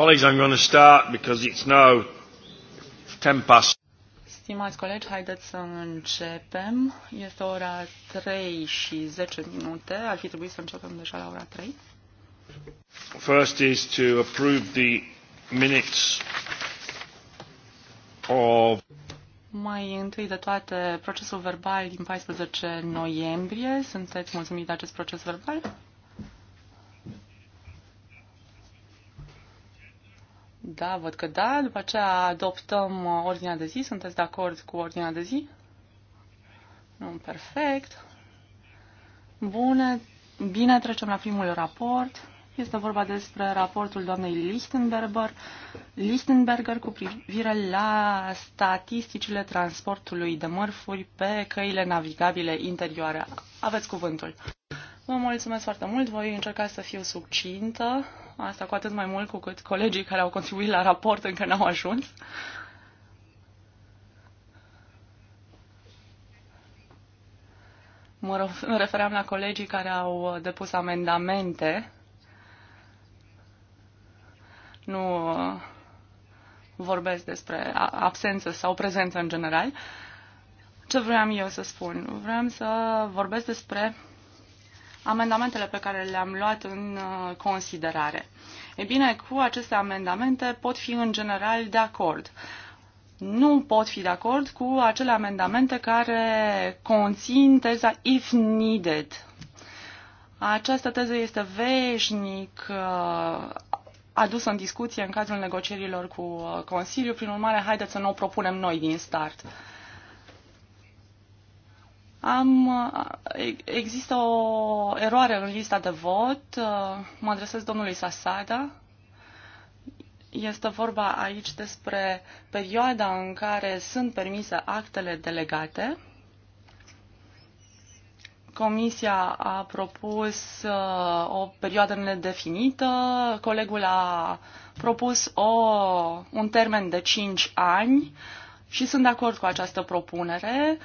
Colleagues, I'm going to start because it's now 10 past. Stimați colegi, haideți să începem. Este ora 3 și 10 minute. Ar fi trebuit să începem deja la ora 3. First is to approve the minutes of mai întâi de toate, procesul verbal din 14 noiembrie. Sunteți mulțumit de acest proces verbal? Da, văd că da. După aceea adoptăm uh, ordinea de zi. Sunteți de acord cu ordinea de zi? Nu, perfect. Bune. Bine, trecem la primul raport. Este vorba despre raportul doamnei Lichtenberger, Lichtenberger cu privire la statisticile transportului de mărfuri pe căile navigabile interioare. Aveți cuvântul. Vă mulțumesc foarte mult, voi încerca să fiu succintă asta cu atât mai mult cu cât colegii care au contribuit la raport încă n-au ajuns. Mă refeream la colegii care au uh, depus amendamente. Nu uh, vorbesc despre absență sau prezență în general. Ce vreau eu să spun? Vreau să vorbesc despre amendamentele pe care le-am luat în uh, considerare. Ei bine, cu aceste amendamente pot fi în general de acord. Nu pot fi de acord cu acele amendamente care conțin teza if needed. Această teză este veșnic uh, adusă în discuție în cadrul negocierilor cu uh, Consiliu, prin urmare, haideți să nu o propunem noi din start. Am, uh, există o eroare în lista de vot. Uh, mă adresez domnului Sasada. Este vorba aici despre perioada în care sunt permise actele delegate. Comisia a propus uh, o perioadă nedefinită, colegul a propus o, un termen de 5 ani, și sunt de acord cu această propunere.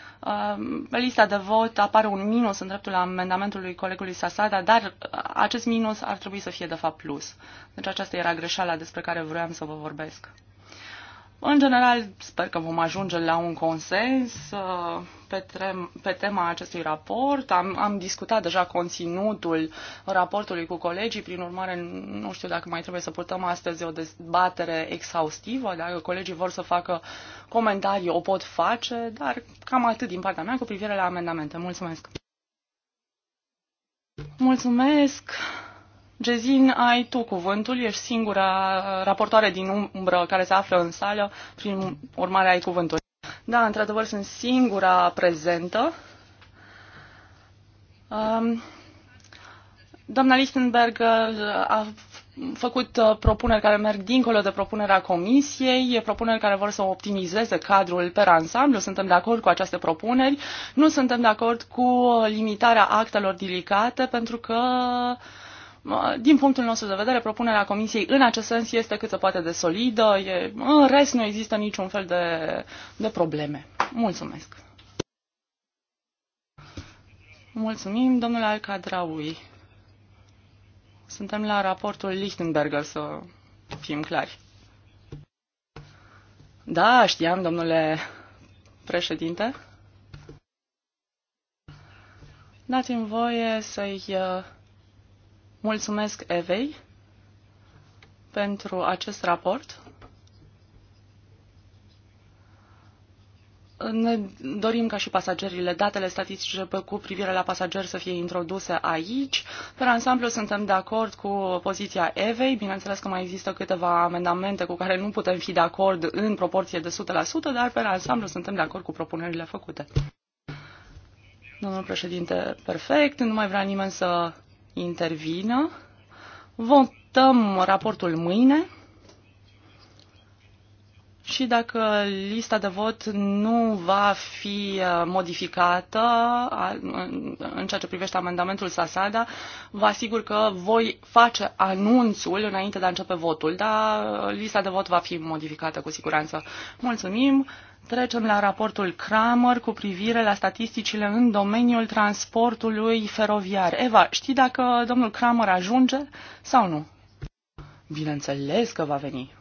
Pe uh, lista de vot apare un minus în dreptul amendamentului colegului Sasada, dar uh, acest minus ar trebui să fie de fapt plus. Deci aceasta era greșeala despre care vroiam să vă vorbesc. În general, sper că vom ajunge la un consens. Uh, pe, trem, pe tema acestui raport. Am, am discutat deja conținutul raportului cu colegii, prin urmare nu știu dacă mai trebuie să purtăm astăzi o dezbatere exhaustivă. Dacă colegii vor să facă comentarii, o pot face, dar cam atât din partea mea cu privire la amendamente. Mulțumesc! Mulțumesc! Gezin, ai tu cuvântul, ești singura raportoare din umbră care se află în sală, prin urmare ai cuvântul. Da, într-adevăr, sunt singura prezentă. Um, doamna Lichtenberg uh, a făcut uh, propuneri care merg dincolo de propunerea comisiei, propuneri care vor să optimizeze cadrul per ansamblu. Suntem de acord cu aceste propuneri. Nu suntem de acord cu limitarea actelor delicate pentru că uh, din punctul nostru de vedere, propunerea Comisiei în acest sens este cât se poate de solidă, e, în rest nu există niciun fel de, de probleme. Mulțumesc! Mulțumim, domnule Alcadraui. Suntem la raportul Lichtenberger, să fim clari. Da, știam, domnule președinte. Dați-mi voie să-i uh, Mulțumesc Evei pentru acest raport. Ne dorim ca și pasagerile datele statistice cu privire la pasageri să fie introduse aici. Per ansamblu suntem de acord cu poziția Evei. Bineînțeles că mai există câteva amendamente cu care nu putem fi de acord în proporție de 100%, dar per ansamblu suntem de acord cu propunerile făcute. Domnul președinte, perfect. Nu mai vrea nimeni să intervină. Votăm raportul mâine și dacă lista de vot nu va fi uh, modificată în ceea ce privește amendamentul Sasada, vă asigur că voi face anunțul înainte de a începe votul, dar lista de vot va fi modificată cu siguranță. Mulțumim! Trecem la raportul Kramer cu privire la statisticile în domeniul transportului feroviar. Eva, știi dacă domnul Kramer ajunge sau nu? Bineînțeles că va veni.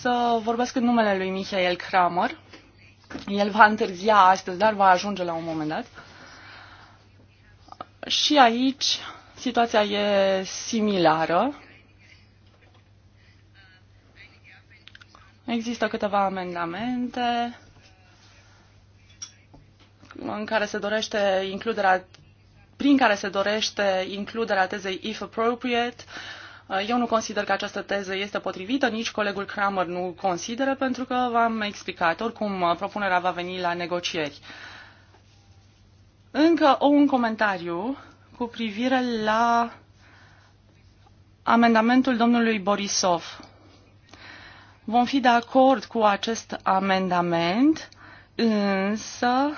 să vorbesc în numele lui Michael Kramer. El va întârzia astăzi, dar va ajunge la un moment dat. Și aici situația e similară. Există câteva amendamente în care se dorește includerea prin care se dorește includerea tezei if appropriate uh, Uh, eu nu consider că această teză este potrivită, nici colegul Kramer nu consideră, pentru că v-am explicat. Oricum, uh, propunerea va veni la negocieri. Încă un comentariu cu privire la amendamentul domnului Borisov. Vom fi de acord cu acest amendament, însă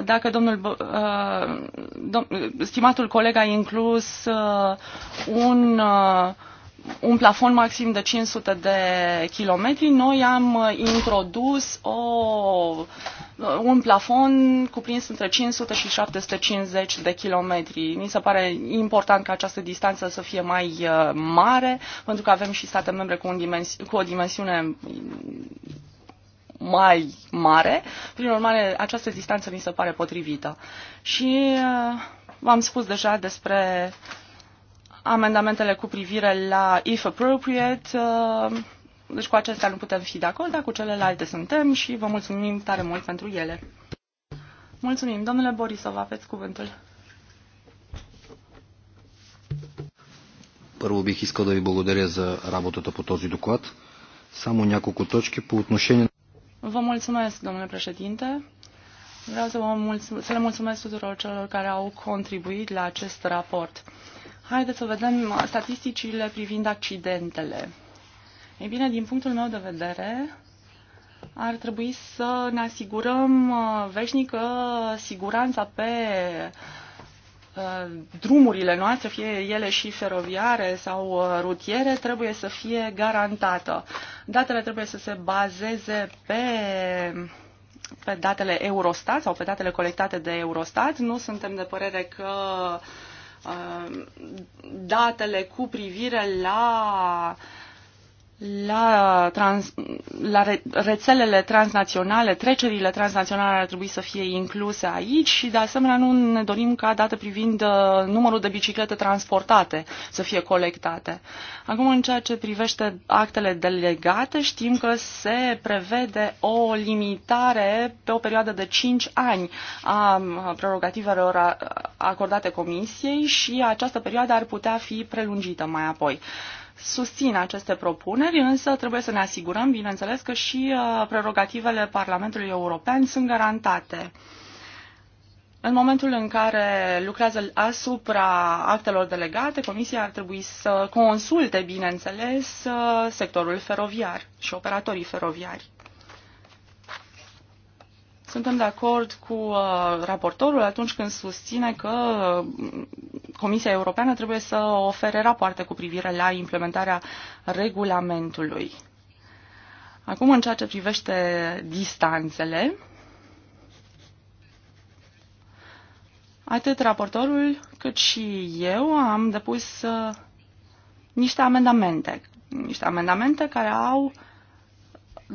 dacă domnul, uh, dom, stimatul coleg a inclus uh, un, uh, un plafon maxim de 500 de kilometri, noi am introdus o, un plafon cuprins între 500 și 750 de kilometri. Mi se pare important ca această distanță să fie mai mare, pentru că avem și state membre cu, un dimensi- cu o dimensiune mai mare. Prin urmare, această distanță mi se pare potrivită. Și uh, v-am spus deja despre amendamentele cu privire la if appropriate. Uh, deci cu acestea nu putem fi de acord, dar cu celelalte suntem și vă mulțumim tare mult pentru ele. Mulțumim. Domnule Borisov, aveți cuvântul. Първо бих искал да ви благодаря за работата по този доклад. Само няколко точки по отношение Vă mulțumesc, domnule președinte. Vreau să, vă mulțumesc, să le mulțumesc tuturor celor care au contribuit la acest raport. Haideți să vedem statisticile privind accidentele. Ei bine, din punctul meu de vedere, ar trebui să ne asigurăm uh, veșnică uh, siguranța pe uh, Uh, drumurile noastre, fie ele și feroviare sau uh, rutiere, trebuie să fie garantată. Datele trebuie să se bazeze pe pe datele Eurostat sau pe datele colectate de Eurostat. Nu suntem de părere că uh, datele cu privire la uh, la, trans, la re, rețelele transnaționale, trecerile transnaționale ar trebui să fie incluse aici și de asemenea nu ne dorim ca date privind uh, numărul de biciclete transportate să fie colectate. Acum în ceea ce privește actele delegate știm că se prevede o limitare pe o perioadă de 5 ani a prerogativelor acordate comisiei și această perioadă ar putea fi prelungită mai apoi susțin aceste propuneri, însă trebuie să ne asigurăm, bineînțeles, că și uh, prerogativele Parlamentului European sunt garantate. În momentul în care lucrează asupra actelor delegate, Comisia ar trebui să consulte, bineînțeles, uh, sectorul feroviar și operatorii feroviari. Suntem de acord cu uh, raportorul atunci când susține că uh, Comisia Europeană trebuie să ofere rapoarte cu privire la implementarea regulamentului. Acum, în ceea ce privește distanțele, atât raportorul cât și eu am depus uh, niște amendamente, niște amendamente care au uh,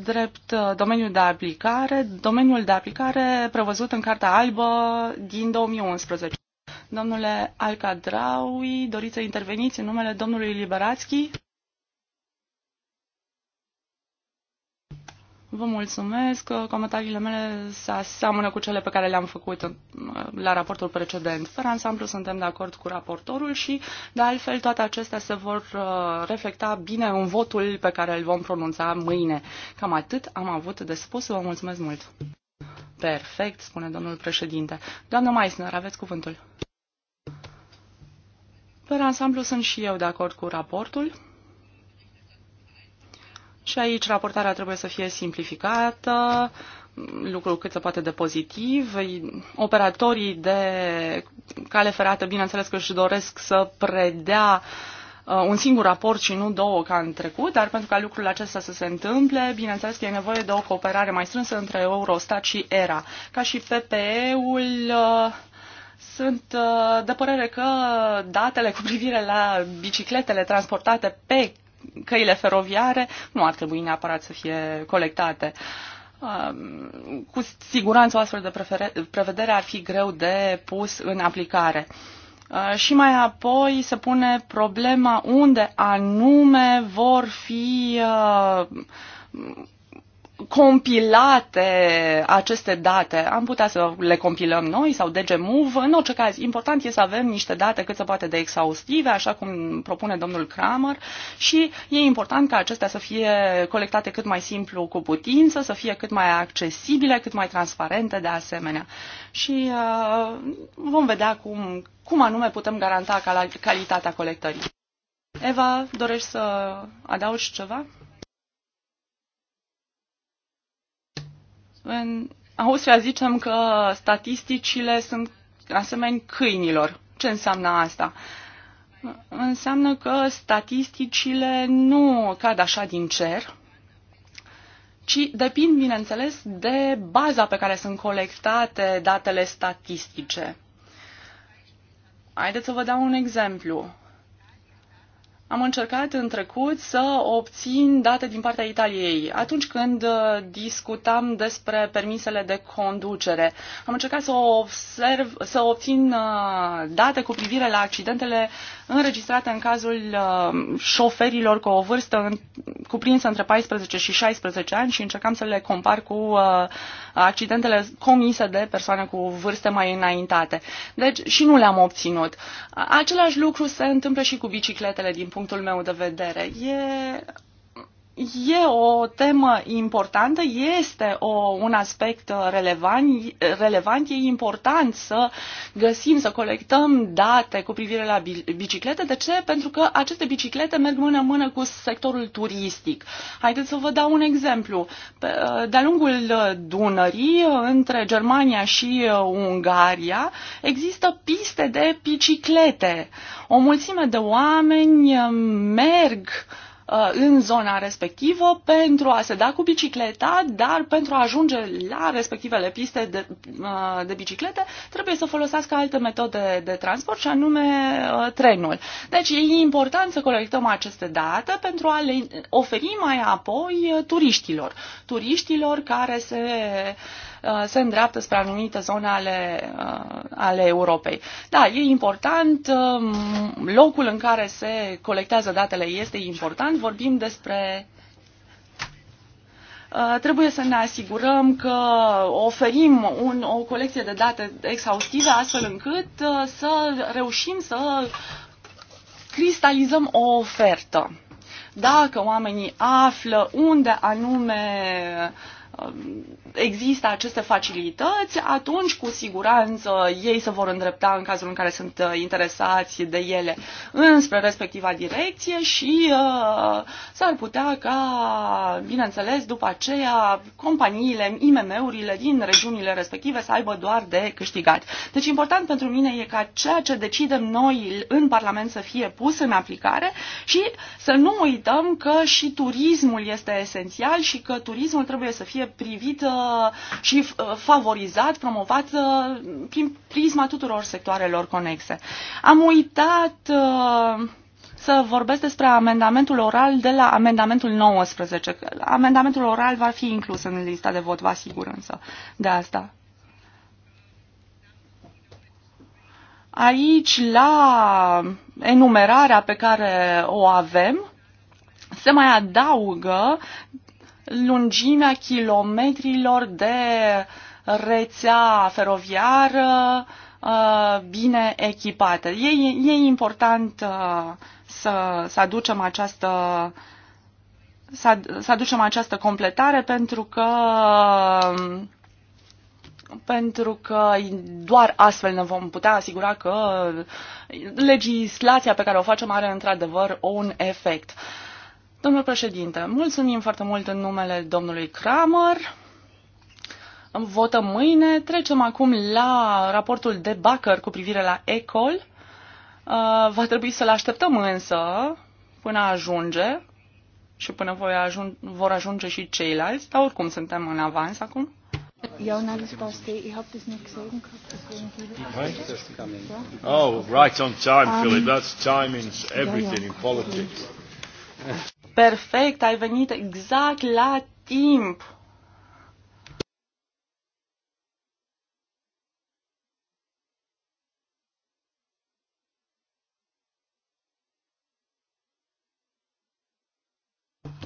drept uh, domeniul de aplicare, domeniul de aplicare prevăzut în Carta Albă din 2011. Domnule Alcadraui, doriți să interveniți în numele domnului Liberațchi? Vă mulțumesc. Comentariile mele se aseamănă cu cele pe care le-am făcut uh, la raportul precedent. Per ansamblu suntem de acord cu raportorul și, de altfel, toate acestea se vor uh, reflecta bine în votul pe care îl vom pronunța mâine. Cam atât am avut de spus. Vă mulțumesc mult. Perfect, spune domnul președinte. Doamna Meissner, aveți cuvântul. Pe ansamblu sunt și eu de acord cu raportul. Și aici raportarea trebuie să fie simplificată, lucru cât se poate de pozitiv. Operatorii de cale ferată, bineînțeles că își doresc să predea uh, un singur raport și nu două ca în trecut, dar pentru ca lucrul acesta să se întâmple, bineînțeles că e nevoie de o cooperare mai strânsă între Eurostat și ERA. Ca și PPE-ul, uh, sunt uh, de părere că datele cu privire la bicicletele transportate pe căile feroviare nu ar trebui neapărat să fie colectate. Um, cu siguranță o astfel de prevedere ar fi greu de pus în aplicare. Uh, și mai apoi se pune problema unde anume vor fi uh, compilate aceste date. Am putea să le compilăm noi sau move, În orice caz, important este să avem niște date cât se poate de exhaustive, așa cum propune domnul Kramer și e important ca acestea să fie colectate cât mai simplu cu putință, să fie cât mai accesibile, cât mai transparente de asemenea. Și uh, vom vedea cum, cum anume putem garanta calitatea colectării. Eva, dorești să adaugi ceva? În Austria zicem că statisticile sunt asemeni câinilor. Ce înseamnă asta? Înseamnă că statisticile nu cad așa din cer, ci depind, bineînțeles, de baza pe care sunt colectate datele statistice. Haideți să vă dau un exemplu. Am încercat în trecut să obțin date din partea Italiei. Atunci când uh, discutam despre permisele de conducere, am încercat să, observ, să obțin uh, date cu privire la accidentele înregistrate în cazul uh, șoferilor cu o vârstă cuprinsă între 14 și 16 ani și încercam să le compar cu accidentele comise de persoane cu vârste mai înaintate. Deci și nu le-am obținut. Același lucru se întâmplă și cu bicicletele din punctul meu de vedere. E E o temă importantă, este o, un aspect uh, relevant, relevant, e important să găsim, să colectăm date cu privire la biciclete. De ce? Pentru că aceste biciclete merg mână-mână cu sectorul turistic. Haideți să vă dau un exemplu. Uh, de-a lungul uh, Dunării, între Germania și Ungaria, există piste de biciclete. O mulțime de oameni merg uh, Uh, în zona respectivă pentru a se da cu bicicleta, dar pentru a ajunge la respectivele piste de, uh, de biciclete trebuie să folosească alte metode de transport și anume uh, trenul. Deci e important să colectăm aceste date pentru a le oferi mai apoi turiștilor. Turiștilor care se uh, Uh, se îndreaptă spre anumite zone ale, uh, ale Europei. Da, e important, um, locul în care se colectează datele este important, vorbim despre uh, trebuie să ne asigurăm că oferim un, o colecție de date exhaustive astfel încât să reușim să cristalizăm o ofertă. Dacă oamenii află unde anume um, există aceste facilități, atunci cu siguranță ei se vor îndrepta în cazul în care sunt uh, interesați de ele înspre respectiva direcție și uh, s-ar putea ca, bineînțeles, după aceea companiile, IMM-urile din regiunile respective să aibă doar de câștigat. Deci important pentru mine e ca ceea ce decidem noi în Parlament să fie pus în aplicare și să nu uităm că și turismul este esențial și că turismul trebuie să fie privit uh, Uh, și uh, favorizat, promovat uh, prin prisma tuturor sectoarelor conexe. Am uitat să vorbesc despre amendamentul oral de la amendamentul 19. Amendamentul oral va fi inclus în lista de vot, vă asigur însă de asta. Aici, la enumerarea pe care o avem, se mai adaugă lungimea kilometrilor de rețea feroviară uh, bine echipată. E, e important uh, să, să aducem această să, să aducem această completare pentru că pentru că doar astfel ne vom putea asigura că legislația pe care o facem are într-adevăr un efect. Uh, Domnul președinte, mulțumim foarte mult în numele domnului Kramer. Votăm mâine. Trecem acum la raportul de Bacăr cu privire la ECOL. Uh, va trebui să-l așteptăm însă până ajunge și până voi ajun- vor ajunge și ceilalți, dar oricum suntem în avans acum. Oh, right on time, Philip. Um, That's timing's everything in politics. perfect, ai venit exact la timp.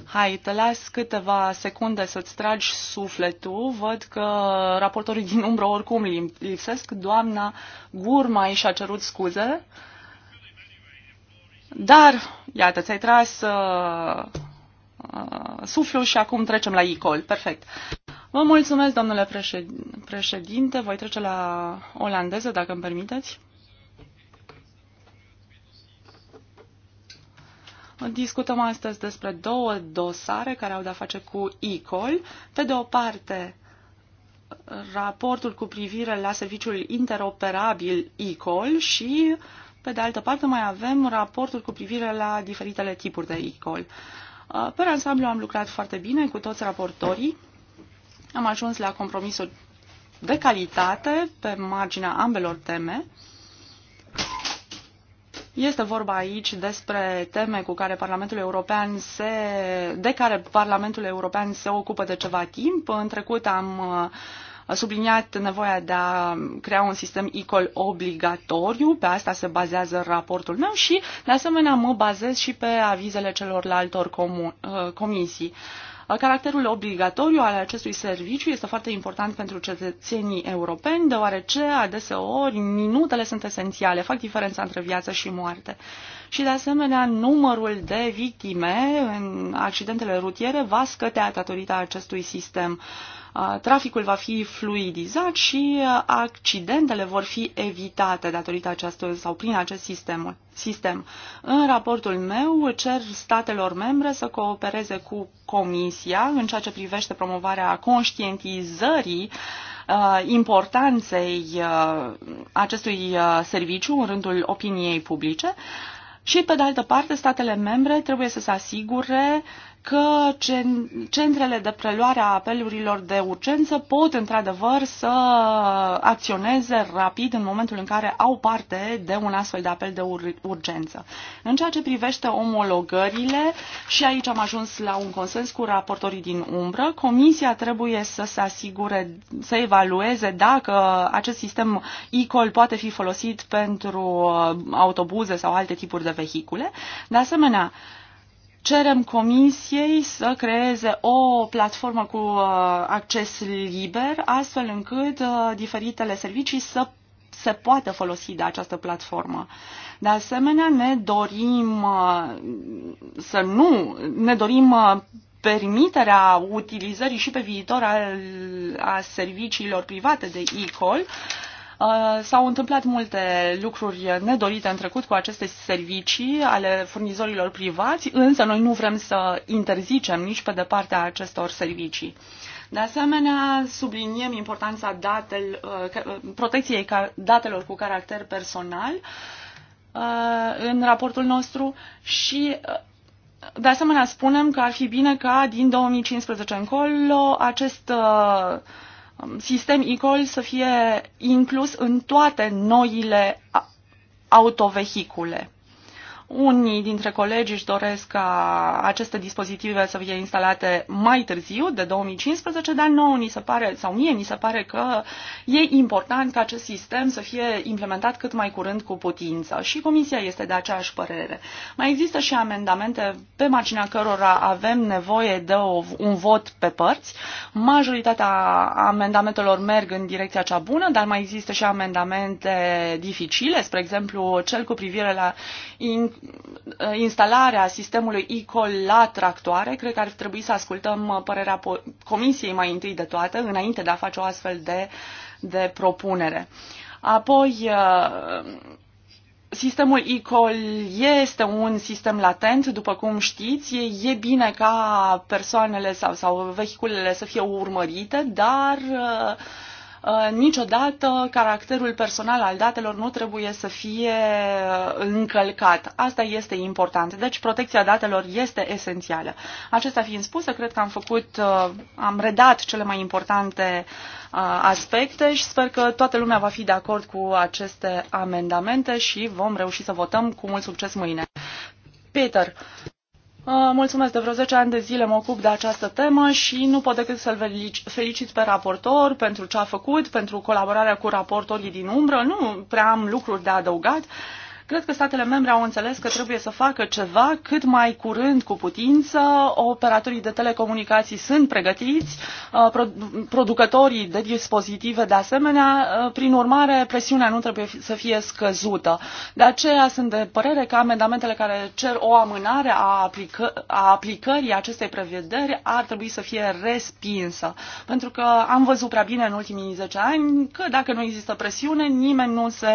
Hai, te las câteva secunde să-ți tragi sufletul. Văd că raportorii din umbră oricum lipsesc. Doamna Gurmai și-a cerut scuze. Uh, dar, iată, ți-ai tras uh, uh, suflul și acum trecem la ICOL. Perfect. Vă mulțumesc, domnule președinte. Voi trece la olandeză, dacă îmi permiteți. Discutăm astăzi despre două dosare care au de-a face cu ICOL. Pe de o parte, raportul cu privire la serviciul interoperabil ICOL și uh, pe de altă parte, mai avem raportul cu privire la diferitele tipuri de e-call. Uh, pe ansamblu am lucrat foarte bine cu toți raportorii. Am ajuns la compromisuri de calitate pe marginea ambelor teme. Este vorba aici despre teme cu care Parlamentul European se, de care Parlamentul European se ocupă de ceva timp. În trecut am uh, a subliniat nevoia de a crea un sistem ICOL obligatoriu, pe asta se bazează raportul meu și, de asemenea, mă bazez și pe avizele celorlaltor uh, comisii. Caracterul obligatoriu al acestui serviciu este foarte important pentru cetățenii europeni, deoarece adeseori minutele sunt esențiale, fac diferența între viață și moarte. Și de asemenea, numărul de victime în accidentele rutiere va scădea datorită acestui sistem. Uh, traficul va fi fluidizat și accidentele vor fi evitate datorită acestui sau prin acest sistem. sistem. În raportul meu cer statelor membre să coopereze cu Comisia în ceea ce privește promovarea conștientizării importanței acestui serviciu în rândul opiniei publice și, pe de altă parte, statele membre trebuie să se asigure uh, că centrele de preluare a apelurilor de urgență pot într-adevăr să acționeze rapid în momentul în care au parte de un astfel de apel de ur- urgență. În ceea ce privește omologările, și aici am ajuns la un consens cu raportorii din umbră, Comisia trebuie să se asigure, să evalueze dacă acest sistem e poate fi folosit pentru uh, autobuze sau alte tipuri de vehicule. De asemenea, cerem Comisiei să creeze o platformă cu uh, acces liber, astfel încât uh, diferitele servicii să se poată folosi de această platformă. De asemenea, ne dorim uh, să nu, ne dorim permiterea utilizării și pe viitor al, a serviciilor private de e-call, Uh, s-au întâmplat multe lucruri nedorite în trecut cu aceste servicii ale furnizorilor privați, însă noi nu vrem să interzicem nici pe departe acestor servicii. De asemenea, subliniem importanța datel, uh, uh, protecției datelor cu caracter personal în raportul nostru și de asemenea spunem că ar fi bine ca din 2015 încolo acest uh, Um, sistem e să fie inclus în toate noile autovehicule. Unii dintre colegi își doresc ca aceste dispozitive să fie instalate mai târziu, de 2015, dar nouă ni se pare, sau mie ni se pare că e important ca acest sistem să fie implementat cât mai curând cu putință. Și Comisia este de aceeași părere. Mai există și amendamente pe marginea cărora avem nevoie de o, un vot pe părți. Majoritatea amendamentelor merg în direcția cea bună, dar mai există și amendamente dificile, spre exemplu cel cu privire la in, instalarea sistemului e-call la tractoare, cred că ar trebui să ascultăm uh, părerea Comisiei mai întâi de toate, înainte de a face o astfel de, de propunere. Apoi, uh, sistemul e-call este un sistem latent, după cum știți. E bine ca persoanele sau, sau vehiculele să fie urmărite, dar uh, Uh, niciodată caracterul personal al datelor nu trebuie să fie uh, încălcat. Asta este important. Deci protecția datelor este esențială. Acesta fiind spusă, cred că am făcut, uh, am redat cele mai importante aspecte și sper că toată lumea va fi de acord cu aceste amendamente și vom reuși să votăm cu mult succes mâine. Peter, Uh, mulțumesc, de vreo 10 ani de zile mă ocup de această temă și nu pot decât să-l felicit pe raportor pentru ce a făcut, pentru colaborarea cu raportorii din umbră. Nu prea am lucruri de adăugat. Cred că statele membre au înțeles că trebuie să facă ceva cât mai curând cu putință. Operatorii de telecomunicații sunt pregătiți, uh, producătorii de dispozitive de asemenea. Uh, prin urmare, presiunea nu trebuie să fie scăzută. De aceea sunt de părere că amendamentele care cer o amânare a, aplică a aplicării acestei prevederi ar trebui să fie respinsă. Pentru că am văzut prea bine în ultimii 10 ani că dacă nu există presiune, nimeni nu se,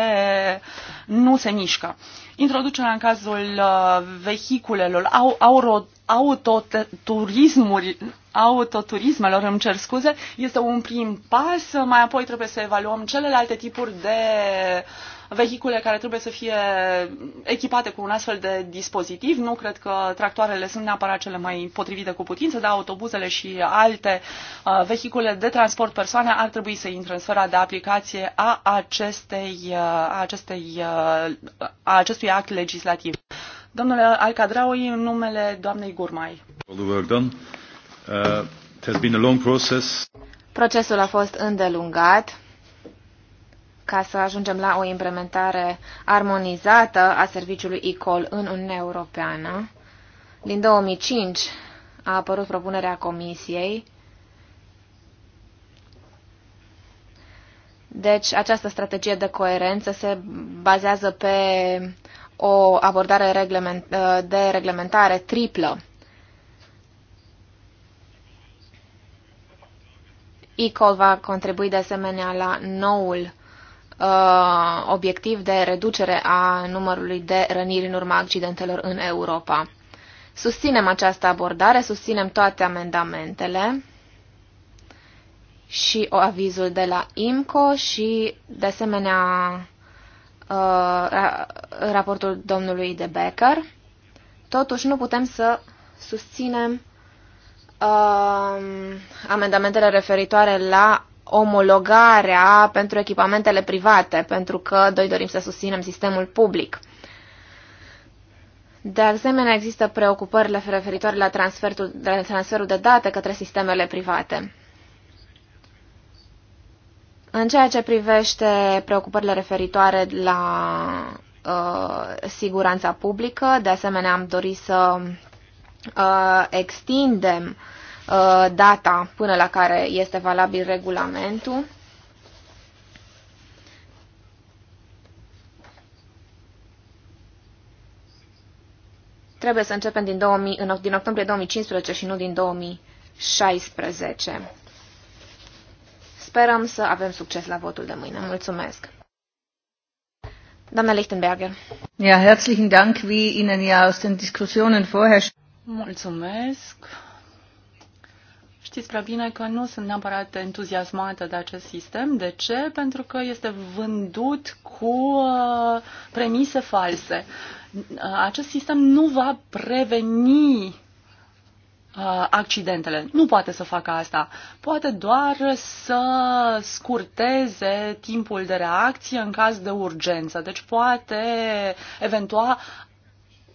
nu se mișcă muncă. Introducerea în cazul uh, vehiculelor, au, autoturismuri, autoturismelor, îmi cer scuze, este un prim pas, mai apoi trebuie să evaluăm celelalte tipuri de uh, vehicule care trebuie să fie echipate cu un astfel de dispozitiv. Nu cred că tractoarele sunt neapărat cele mai potrivite cu putință, dar autobuzele și alte uh, vehicule de transport persoane ar trebui să intre în sfera de aplicație a, acestei, uh, a, acestei, uh, a acestui act legislativ. Domnule Alcadraui, în numele doamnei Gurmai. Procesul a fost îndelungat ca să ajungem la o implementare armonizată a serviciului ICOL în Uniunea Europeană. Din 2005 a apărut propunerea Comisiei. Deci această strategie de coerență se bazează pe o abordare de reglementare triplă. ECOL va contribui de asemenea la noul uh, obiectiv de reducere a numărului de răniri în urma accidentelor în Europa. Susținem această abordare, susținem toate amendamentele și o avizul de la IMCO și, de asemenea, uh, raportul domnului de Becker. Totuși, nu putem să susținem uh, amendamentele referitoare la omologarea pentru echipamentele private, pentru că noi dorim să susținem sistemul public. De asemenea, există preocupările referitoare la transferul, la transferul de date către sistemele private. În ceea ce privește preocupările referitoare la uh, siguranța publică, de asemenea am dorit să uh, extindem uh, Uh, data până la care este valabil regulamentul. Trebuie să începem din, 2000, din octombrie 2015 și nu din 2016. Sperăm să avem succes la votul de mâine. Mulțumesc! Doamna Lichtenberger. Ja, herzlichen Dank, wie Ihnen ja aus den Diskussionen vorher... Mulțumesc! Știți prea bine că nu sunt neapărat entuziasmată de acest sistem. De ce? Pentru că este vândut cu uh, premise false. Uh, acest sistem nu va preveni uh, accidentele. Nu poate să facă asta. Poate doar să scurteze timpul de reacție în caz de urgență. Deci poate eventual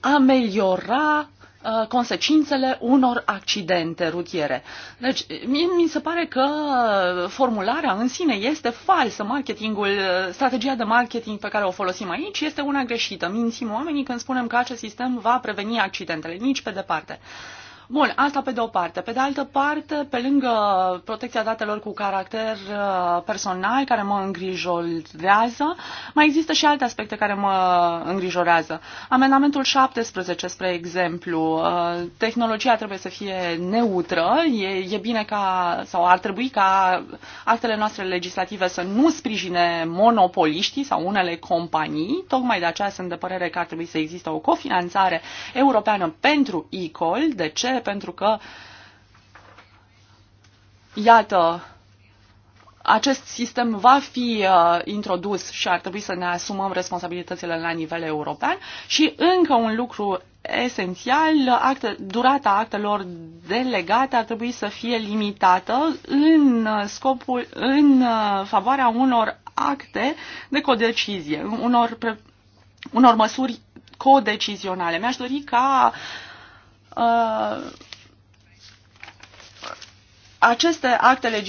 ameliora Uh, consecințele unor accidente rutiere. Deci, mie, mi se pare că formularea în sine este falsă. Marketingul, uh, strategia de marketing pe care o folosim aici este una greșită. Mințim oamenii când spunem că acest sistem va preveni accidentele. Nici pe departe. Uh, Bun, asta pe de o parte. Pe de altă parte, pe lângă protecția datelor cu caracter uh, personal, care mă îngrijorează, mai există și alte aspecte care mă îngrijorează. Amendamentul 17, spre exemplu, uh, tehnologia trebuie să fie neutră, e, e bine ca, sau ar trebui ca actele noastre legislative să nu sprijine monopoliștii sau unele companii, tocmai de aceea sunt de părere că ar trebui să existe o cofinanțare europeană pentru e-call. De ce? pentru că, iată, acest sistem va fi uh, introdus și ar trebui să ne asumăm responsabilitățile la nivel european și încă un lucru esențial, acte, durata actelor delegate ar trebui să fie limitată în uh, scopul, în uh, favoarea unor acte de codecizie, unor, pre, unor măsuri codecizionale. Mi-aș dori ca uh, Uh, aceste acte,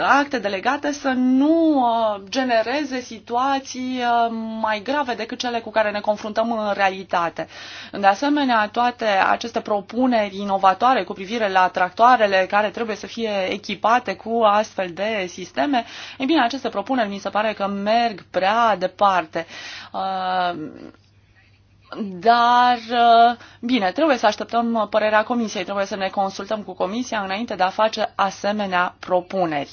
acte delegate să nu uh, genereze situații uh, mai grave decât cele cu care ne confruntăm în realitate. De asemenea, toate aceste propuneri inovatoare cu privire la tractoarele care trebuie să fie echipate cu astfel de sisteme, e bine, aceste propuneri mi se pare că merg prea departe. Dar, uh, bine, trebuie să așteptăm părerea comisiei, trebuie să ne consultăm cu comisia înainte de a face asemenea propuneri.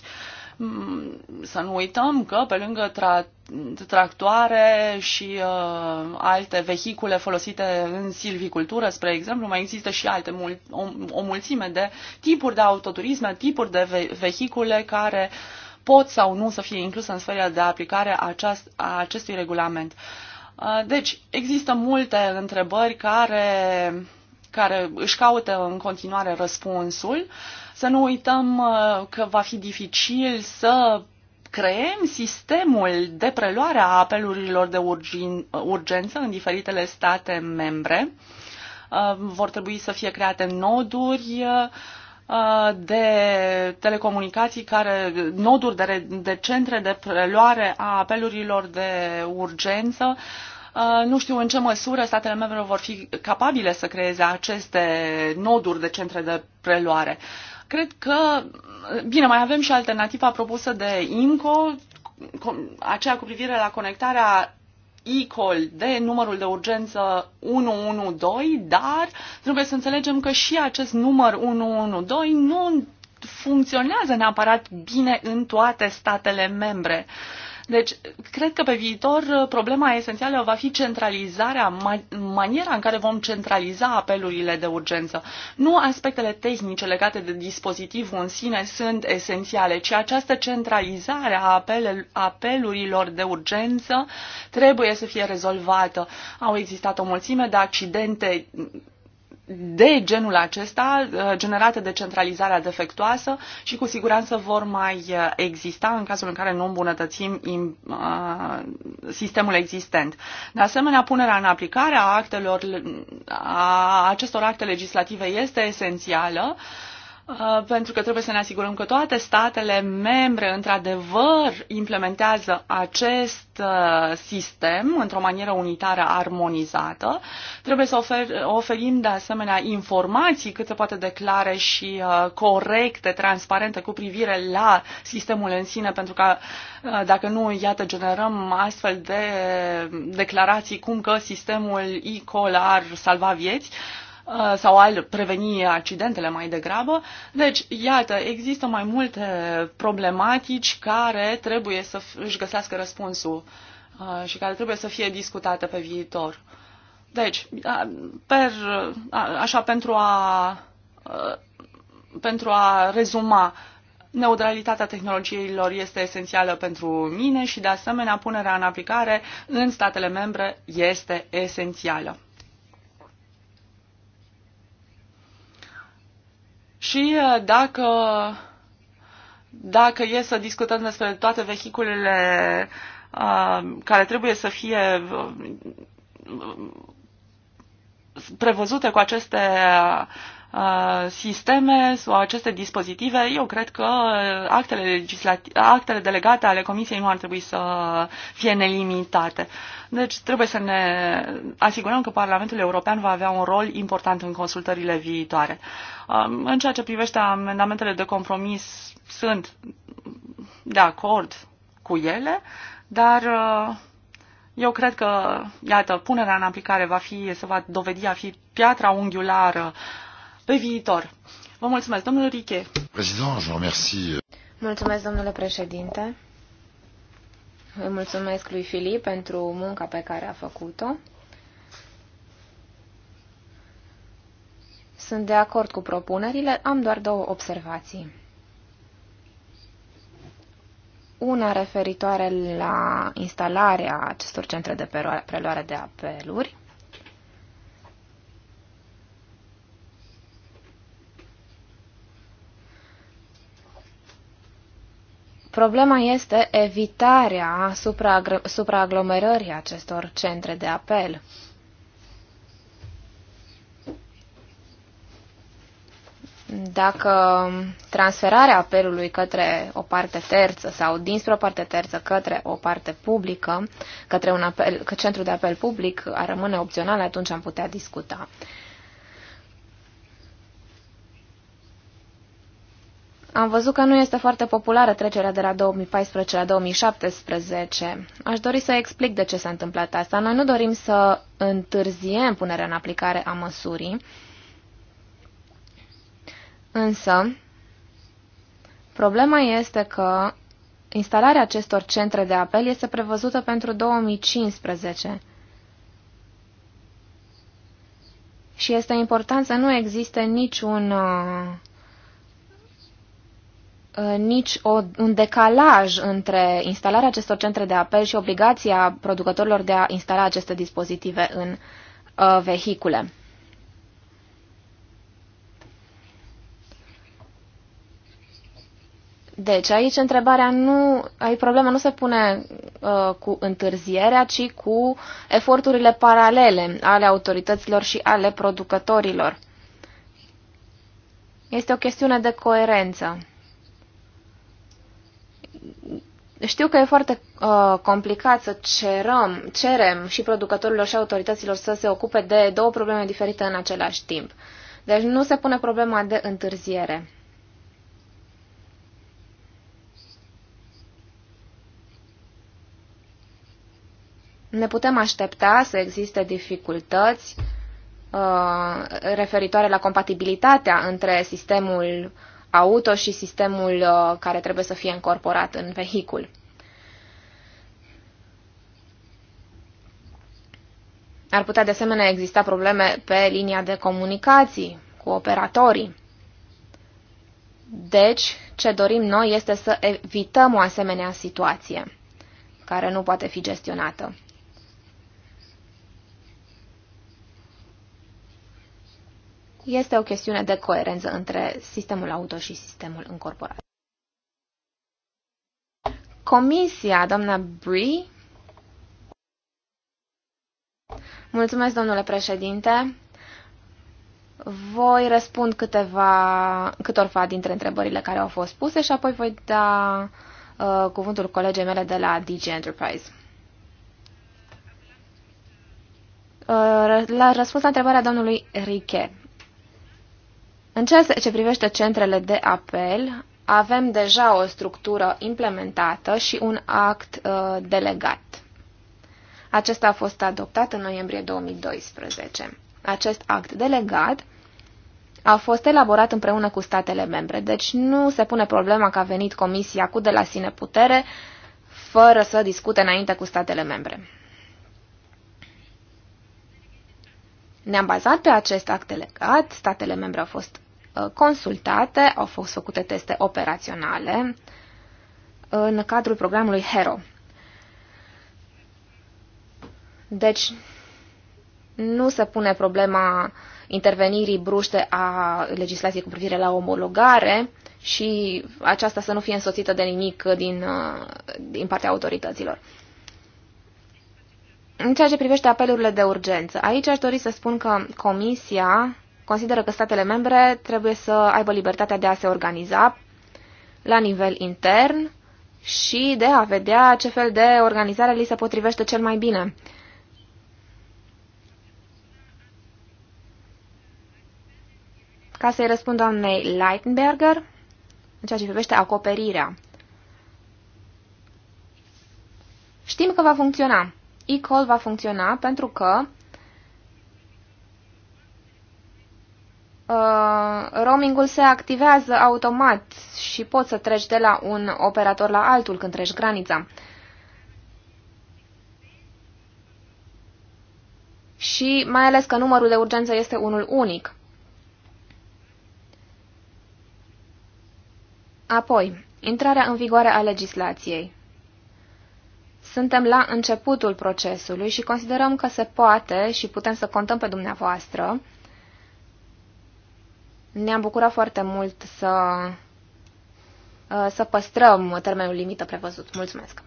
Mm, să nu uităm că pe lângă tra- tractoare și uh, alte vehicule folosite în silvicultură, spre exemplu, mai există și alte mul- o, o mulțime de tipuri de autoturisme, tipuri de ve- vehicule care pot sau nu să fie incluse în sfera de aplicare a, aceast- a acestui regulament. Uh, Uh, deci, există multe întrebări care, care își caută în continuare răspunsul. Să nu uităm uh, că va fi dificil să creăm sistemul de preluare a apelurilor de urgin, urgență în diferitele state membre. Uh, vor trebui să fie create noduri de telecomunicații, care, noduri de, de centre de preluare a apelurilor de urgență. Uh, Uh, nu știu în ce măsură statele membre vor fi capabile să creeze aceste noduri de centre de preluare. Cred că, bine, mai avem și alternativa propusă de INCO, aceea cu privire la conectarea e-call de numărul de urgență 112, dar trebuie să înțelegem că și acest număr 112 nu funcționează neapărat bine în toate statele membre. Uh, deci, cred că pe viitor uh, problema esențială va fi centralizarea, maniera în care vom centraliza apelurile de urgență. Nu aspectele tehnice legate de dispozitivul în sine sunt esențiale, ci această centralizare a apelurilor de urgență trebuie să fie rezolvată. Au existat o mulțime de accidente de genul acesta, uh, generate de centralizarea defectuoasă și cu siguranță vor mai uh, exista în cazul în care nu îmbunătățim uh, sistemul existent. De asemenea, punerea în aplicare a, actelor, a acestor acte legislative este esențială. Uh, pentru că trebuie să ne asigurăm că toate statele membre, într-adevăr, implementează acest uh, sistem într-o manieră unitară, armonizată. Trebuie să ofer, oferim, de asemenea, informații cât se poate declare și uh, corecte, transparente cu privire la sistemul în sine, pentru că dacă nu, iată, generăm astfel de declarații cum că sistemul e-call ar salva vieți, Uh, sau al preveni accidentele mai degrabă. Deci, iată, există mai multe problematici care trebuie să își găsească răspunsul uh, și care trebuie să fie discutate pe viitor. Deci, uh, per, așa pentru a, pentru a rezuma, neutralitatea tehnologiilor este esențială pentru mine și, de asemenea, punerea în aplicare în statele membre este esențială. Și uh, dacă, dacă e să discutăm despre toate vehiculele uh, care trebuie să fie uh, prevăzute cu aceste uh, sisteme sau aceste dispozitive, eu cred că actele, legislati- actele delegate ale Comisiei nu ar trebui să fie nelimitate. Uh, deci trebuie să ne asigurăm că Parlamentul European va avea un rol important în consultările viitoare. Um, în ceea ce privește amendamentele de compromis, sunt de acord cu ele, dar uh, eu cred că, iată, punerea în aplicare va fi, se va dovedi a fi piatra unghiulară pe viitor. Vă mulțumesc, domnule Riche. Mulțumesc, domnule președinte. Îi mulțumesc lui Filip pentru munca pe care a făcut-o. Sunt de acord cu propunerile, am doar două observații. Una referitoare la instalarea acestor centre de preluare de apeluri Problema este evitarea supraaglomerării acestor centre de apel. Dacă transferarea apelului către o parte terță sau dinspre o parte terță către o parte publică, către un apel, că centru de apel public ar rămâne opțional, atunci am putea discuta. Am văzut că nu este foarte populară trecerea de la 2014 la 2017. Aș dori să explic de ce s-a întâmplat asta. Noi nu dorim să întârziem punerea în aplicare a măsurii, însă problema este că instalarea acestor centre de apel este prevăzută pentru 2015. Și este important să nu existe niciun uh, Uh, nici o, un decalaj între instalarea acestor centre de apel și obligația producătorilor de a instala aceste dispozitive în uh, vehicule. Deci, aici întrebarea nu, ai problema nu se pune uh, cu întârzierea, ci cu eforturile paralele ale autorităților și ale producătorilor. Este o chestiune de coerență. Știu că e foarte uh, complicat să cerăm, cerem și producătorilor și autorităților să se ocupe de două probleme diferite în același timp. Deci nu se pune problema de întârziere. Ne putem aștepta să existe dificultăți uh, referitoare la compatibilitatea între sistemul uh, auto și sistemul uh, care trebuie să fie încorporat în vehicul. Ar putea de asemenea exista probleme pe linia de comunicații cu operatorii. Deci, ce dorim noi este să evităm o asemenea situație care nu poate fi gestionată. Este o chestiune de coerență între sistemul auto și sistemul încorporat. Comisia, doamna Bree. Mulțumesc, domnule președinte. Voi răspund câteva, câtorva dintre întrebările care au fost puse și apoi voi da uh, cuvântul colegei mele de la DG Enterprise. Uh, la răspuns la întrebarea domnului Riche. În ceea ce privește centrele de apel, avem deja o structură implementată și un act uh, delegat. Acesta a fost adoptat în noiembrie 2012. Acest act delegat a fost elaborat împreună cu statele membre, deci nu se pune problema că a venit Comisia cu de la sine putere, fără să discute înainte cu statele membre. Ne-am bazat pe acest act delegat, statele membre au fost uh, consultate, au fost făcute teste operaționale în cadrul programului HERO. Deci, nu se pune problema intervenirii bruște a legislației cu privire la omologare și aceasta să nu fie însoțită de nimic din, uh, din partea autorităților. În ceea ce privește apelurile de urgență, aici aș dori să spun că Comisia consideră că statele membre trebuie să aibă libertatea de a se organiza la nivel intern și de a vedea ce fel de organizare li se potrivește cel mai bine. Ca să-i răspund doamnei Leitenberger, în ceea ce privește acoperirea. Știm că va funcționa e-call va funcționa pentru că uh, roamingul se activează automat și poți să treci de la un operator la altul când treci granița. Și mai ales că numărul de urgență este unul unic. Apoi, intrarea în vigoare a legislației. Suntem la începutul procesului și considerăm că se poate și putem să contăm pe dumneavoastră. Ne-am bucurat foarte mult să, să păstrăm termenul limită prevăzut. Mulțumesc!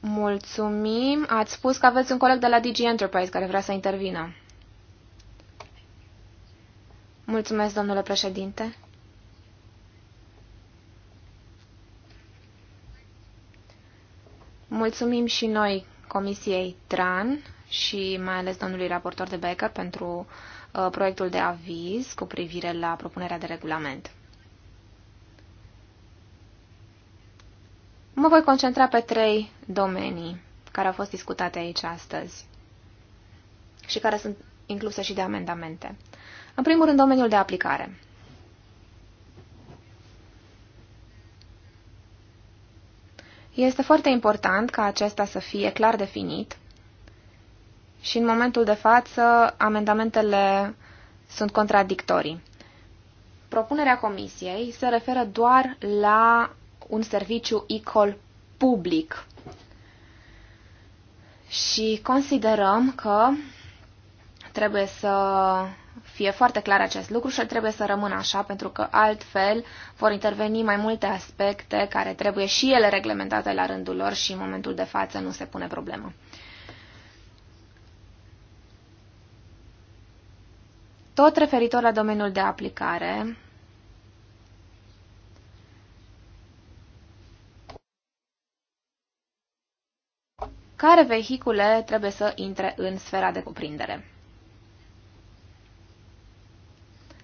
Mulțumim. Ați spus că aveți un coleg de la DG Enterprise care vrea să intervină. Mulțumesc, domnule președinte. Mulțumim și noi Comisiei TRAN și mai ales domnului raportor de Becker pentru uh, proiectul de aviz cu privire la propunerea de regulament. Mă voi concentra pe trei domenii care au fost discutate aici astăzi și care sunt incluse și de amendamente. În primul rând, domeniul de aplicare. Este foarte important ca acesta să fie clar definit și în momentul de față amendamentele sunt contradictorii. Propunerea comisiei se referă doar la un serviciu ICOL public și considerăm că trebuie să fie foarte clar acest lucru și trebuie să rămână așa, pentru că altfel vor interveni mai multe aspecte care trebuie și ele reglementate la rândul lor și în momentul de față nu se pune problemă. Tot referitor la domeniul de aplicare, care vehicule trebuie să intre în sfera de cuprindere.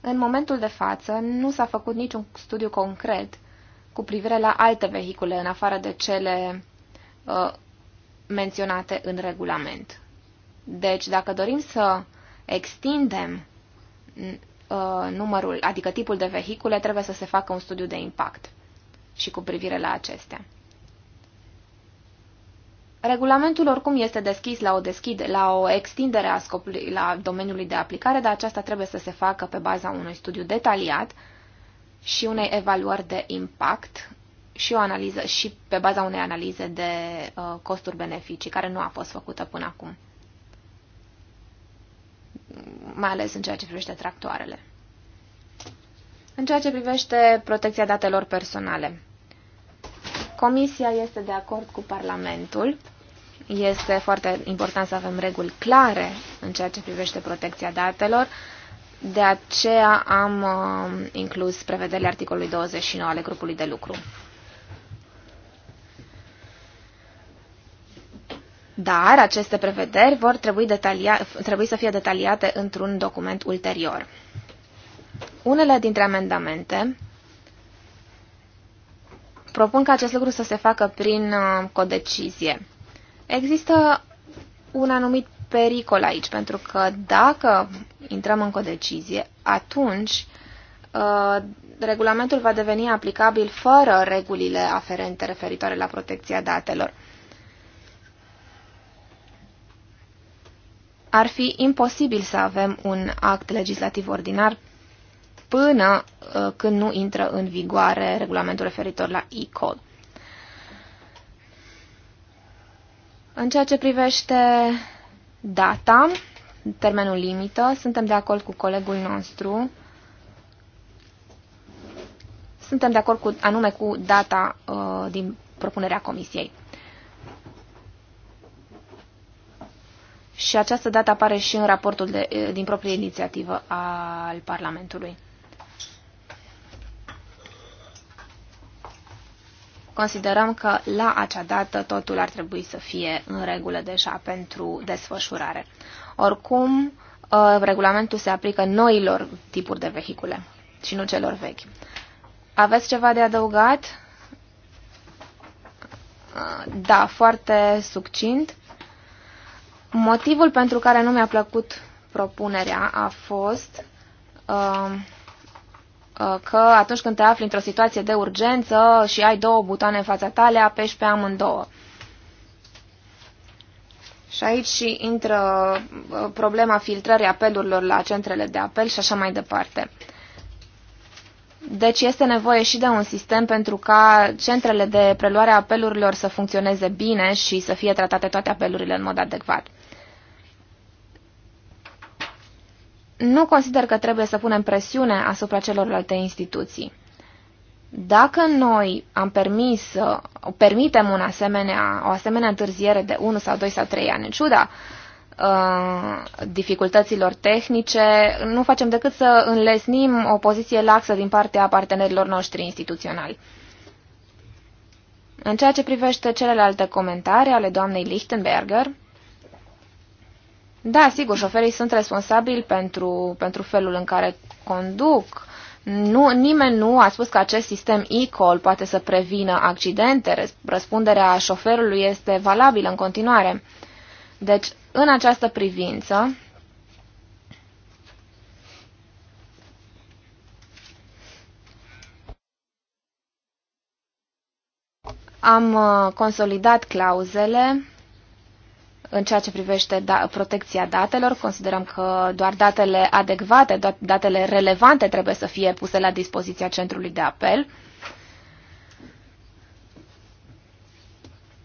În momentul de față, nu s-a făcut niciun studiu concret cu privire la alte vehicule, în afară de cele uh, menționate în regulament. Deci, dacă dorim să extindem uh, numărul, adică tipul de vehicule, trebuie să se facă un studiu de impact și cu privire la acestea. Regulamentul oricum este deschis la o, deschid, la o extindere a scopului, la domeniului de aplicare, dar aceasta trebuie să se facă pe baza unui studiu detaliat și unei evaluări de impact și, o analiză, și pe baza unei analize de uh, costuri-beneficii, care nu a fost făcută până acum, mai ales în ceea ce privește tractoarele. În ceea ce privește protecția datelor personale, Comisia este de acord cu Parlamentul este foarte important să avem reguli clare în ceea ce privește protecția datelor. De aceea am uh, inclus prevederile articolului 29 ale grupului de lucru. Dar aceste prevederi vor trebui, detalia, trebui să fie detaliate într-un document ulterior. Unele dintre amendamente propun ca acest lucru să se facă prin uh, codecizie. Există un anumit pericol aici, pentru că dacă intrăm în codecizie, atunci uh, regulamentul va deveni aplicabil fără regulile aferente referitoare la protecția datelor. Ar fi imposibil să avem un act legislativ ordinar până uh, când nu intră în vigoare regulamentul referitor la e-call. În ceea ce privește data, termenul limită, suntem de acord cu colegul nostru. Suntem de acord cu, anume cu data uh, din propunerea comisiei. Și această dată apare și în raportul de, uh, din proprie inițiativă al Parlamentului. considerăm că la acea dată totul ar trebui să fie în regulă deja pentru desfășurare. Oricum, ă, regulamentul se aplică noilor tipuri de vehicule și nu celor vechi. Aveți ceva de adăugat? Ă, da, foarte succint. Motivul pentru care nu mi-a plăcut propunerea a fost uh, Uh, că atunci când te afli într-o situație de urgență și ai două butoane în fața ta, le apeși pe amândouă. Și aici și intră uh, problema filtrării apelurilor la centrele de apel și așa mai departe. Deci este nevoie și de un sistem pentru ca centrele de preluare a apelurilor să funcționeze bine și să fie tratate toate apelurile în mod adecvat. nu consider că trebuie să punem presiune asupra celorlalte instituții. Dacă noi am permis, uh, permitem un asemenea, o asemenea întârziere de 1 sau 2 sau 3 ani, în ciuda uh, dificultăților tehnice, nu facem decât să înlesnim o poziție laxă din partea partenerilor noștri instituționali. În ceea ce privește celelalte comentarii ale doamnei Lichtenberger, da, sigur, șoferii sunt responsabili pentru, pentru felul în care conduc. Nu, nimeni nu a spus că acest sistem e-call poate să prevină accidente. Răspunderea șoferului este valabilă în continuare. Deci, în această privință, am uh, consolidat clauzele în ceea ce privește da, protecția datelor, considerăm că doar datele adecvate, doar datele relevante trebuie să fie puse la dispoziția centrului de apel.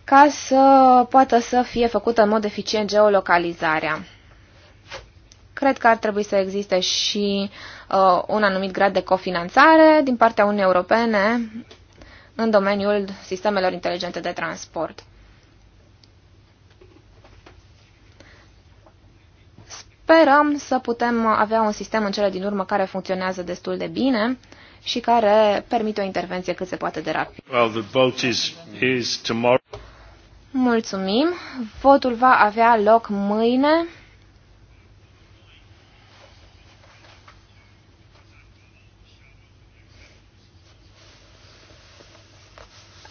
ca să poată să fie făcută în mod eficient geolocalizarea. Cred că ar trebui să existe și uh, un anumit grad de cofinanțare din partea Uniunii Europene în domeniul sistemelor inteligente de transport. Sperăm să putem avea un sistem în cele din urmă care funcționează destul de bine și care permite o intervenție cât se poate de rapid. Well, the vote is, is tomorrow. Mulțumim. Votul va avea loc mâine.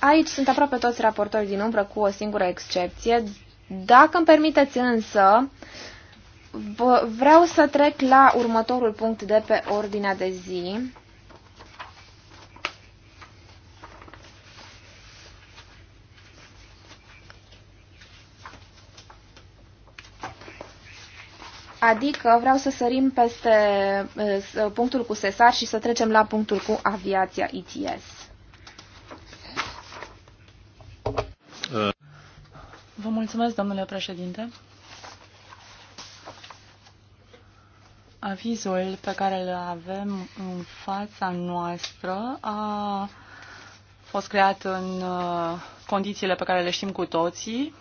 Aici sunt aproape toți raportori din umbră, cu o singură excepție. Dacă îmi permiteți însă, vreau să trec la următorul punct de pe ordinea de zi. Adică vreau să sărim peste eh, punctul cu SESAR și să trecem la punctul cu aviația ITS. Vă mulțumesc, domnule președinte. Avizul pe care îl avem în fața noastră a fost creat în uh, condițiile pe care le știm cu toții.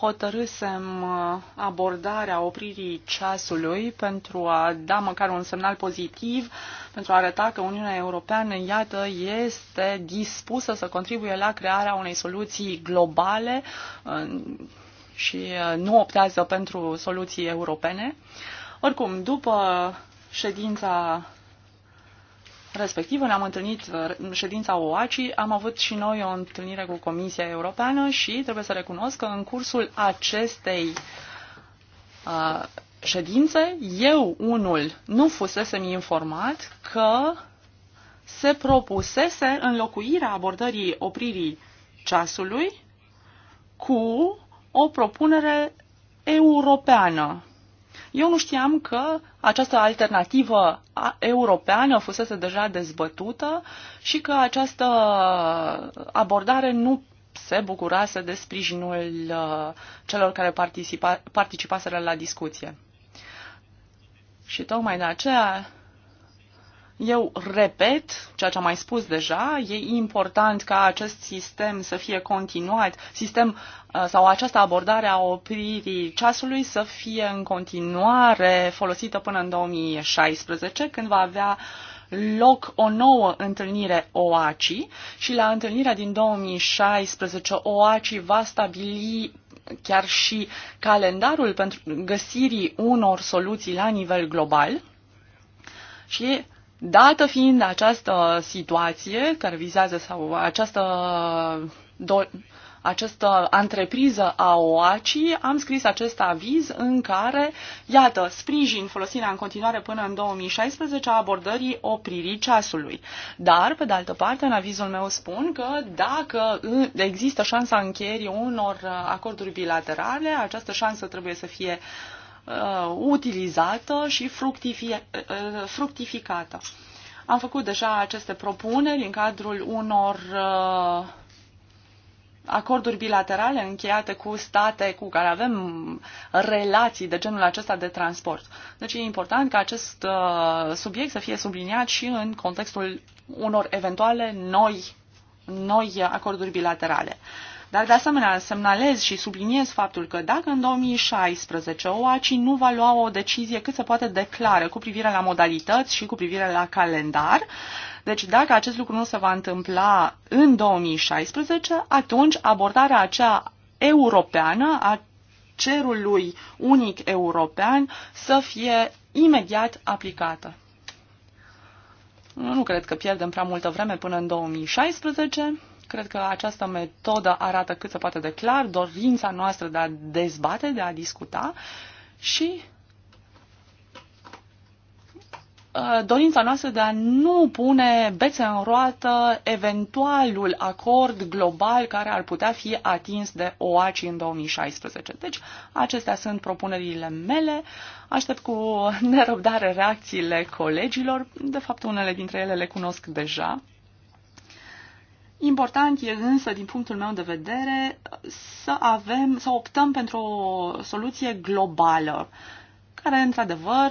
Hotărâsem uh, abordarea opririi ceasului pentru a da măcar un semnal pozitiv, pentru a arăta că Uniunea Europeană, iată, este dispusă să contribuie la crearea unei soluții globale uh, și nu optează pentru soluții europene. Uh, oricum, după ședința respectivă ne-am întâlnit ședința OACI, am avut și noi o întâlnire cu Comisia Europeană și trebuie să recunosc că în cursul acestei uh, ședințe, eu unul nu fusese informat că se propusese înlocuirea abordării opririi ceasului cu o propunere europeană eu nu știam că această alternativă europeană fusese deja dezbătută și că această abordare nu se bucurase de sprijinul uh, celor care participa, participaseră la discuție. Și tocmai de aceea eu repet ceea ce am mai spus deja, e important ca acest sistem să fie continuat, sistem uh, sau această abordare a opririi ceasului să fie în continuare folosită până în 2016, când va avea loc o nouă întâlnire OACI și la întâlnirea din 2016 OACI va stabili chiar și calendarul pentru găsirii unor soluții la nivel global și Dată fiind această situație care vizează sau această, do, această antrepriză a OACI, am scris acest aviz în care, iată, sprijin folosirea în continuare până în 2016 a abordării opririi ceasului. Dar, pe de altă parte, în avizul meu spun că dacă există șansa încheierii unor acorduri bilaterale, această șansă trebuie să fie uh, uh, utilizată și fructifi- uh, uh, fructificată. Am făcut deja aceste propuneri în cadrul unor uh, acorduri bilaterale încheiate cu state cu care avem relații de genul acesta de transport. Deci e important ca acest uh, subiect să fie subliniat și în contextul unor eventuale noi, noi acorduri bilaterale. Uh, dar de asemenea semnalez și subliniez faptul că dacă în 2016 OACI nu va lua o decizie cât se poate declară cu privire la modalități și cu privire la calendar, deci dacă acest lucru nu se va întâmpla în 2016, atunci abordarea aceea europeană a cerului unic european să fie imediat aplicată. Nu cred că pierdem prea multă vreme până în 2016. Cred că această metodă arată cât se poate de clar dorința noastră de a dezbate, de a discuta și uh, dorința noastră de a nu pune bețe în roată eventualul acord global care ar putea fi atins de OACI în 2016. Deci, acestea sunt propunerile mele. Aștept cu nerăbdare reacțiile colegilor. De fapt, unele dintre ele le cunosc deja. Important e însă, din punctul meu de vedere, să avem, să optăm pentru o soluție globală, care într-adevăr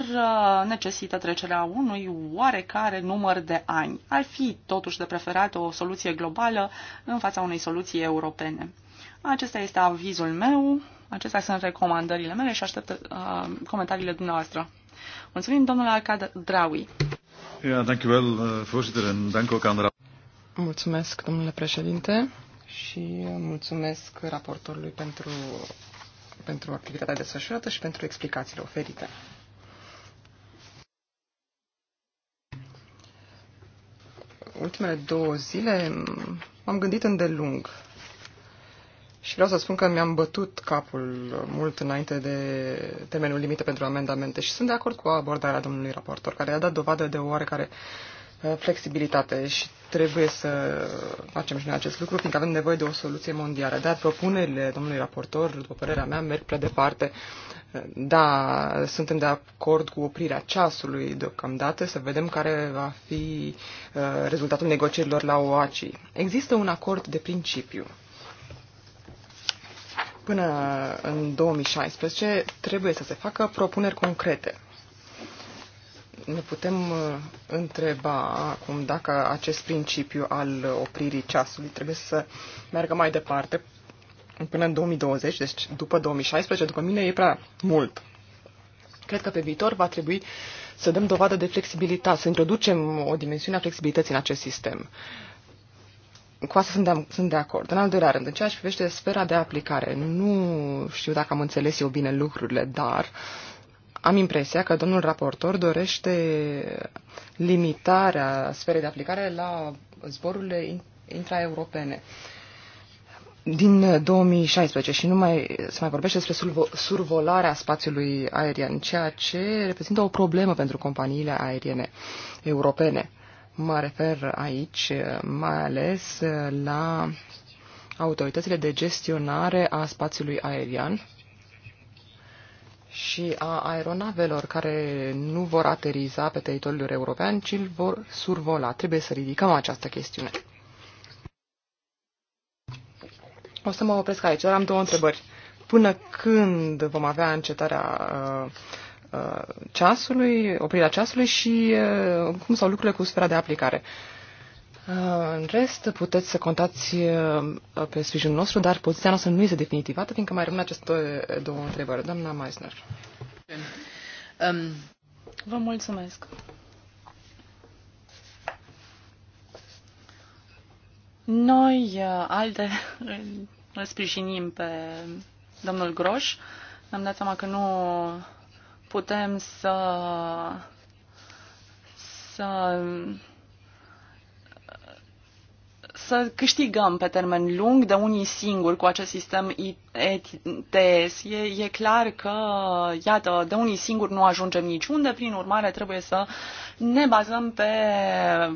necesită trecerea unui oarecare număr de ani. Ar fi totuși de preferat o soluție globală în fața unei soluții europene. Acesta este avizul meu, acestea sunt recomandările mele și aștept uh, comentariile dumneavoastră. Mulțumim, domnule Alcad Draui. Yeah, thank you well, uh, eh, Mulțumesc, domnule președinte, și mulțumesc raportorului pentru, pentru activitatea desfășurată și pentru explicațiile oferite. Ultimele două zile m-am gândit îndelung și vreau să spun că mi-am bătut capul mult înainte de termenul limită pentru amendamente și sunt de acord cu abordarea domnului raportor, care a dat dovadă de o oarecare Uh, flexibilitate și trebuie să facem și noi acest lucru, fiindcă avem nevoie de o soluție mondială. Dar propunerile domnului raportor, după părerea mea, merg prea departe. Uh, da, suntem de acord cu oprirea ceasului deocamdată, să vedem care va fi uh, rezultatul negocierilor la OACI. Există un acord de principiu. Până în 2016 trebuie să se facă propuneri concrete ne putem uh, întreba acum dacă acest principiu al opririi ceasului trebuie să meargă mai departe până în 2020, deci după 2016, după mine e prea mult. Cred că pe viitor va trebui să dăm dovadă de flexibilitate, să introducem o dimensiune a flexibilității în acest sistem. Cu asta sunt de, sunt de acord. În al doilea rând, în ceea ce privește sfera de aplicare, nu știu dacă am înțeles eu bine lucrurile, dar uh, am impresia că domnul raportor dorește limitarea sferei de aplicare la zborurile intraeuropene. Din 2016 și nu mai se mai vorbește despre survolarea spațiului aerian, ceea ce reprezintă o problemă pentru companiile aeriene europene. Mă refer aici mai ales la autoritățile de gestionare a spațiului aerian, și a aeronavelor care nu vor ateriza pe teritoriul european, ci îl vor survola. Trebuie să ridicăm această chestiune. O să mă opresc aici. Dar Am două întrebări. Până când vom avea încetarea uh, uh, ceasului, oprirea ceasului și uh, cum sau lucrurile cu sfera de aplicare? Uh, în rest, puteți să contați uh, pe sprijinul nostru, dar poziția noastră nu este definitivată, fiindcă mai rămân aceste două întrebări. Doamna Meisner. Um, Vă mulțumesc. Noi, uh, alte, îl sprijinim pe domnul Groș. Ne-am dat seama că nu putem să, să să câștigăm pe termen lung de unii singuri cu acest sistem ETS. E, e clar că, iată, de unii singuri nu ajungem niciunde, prin urmare trebuie să ne bazăm pe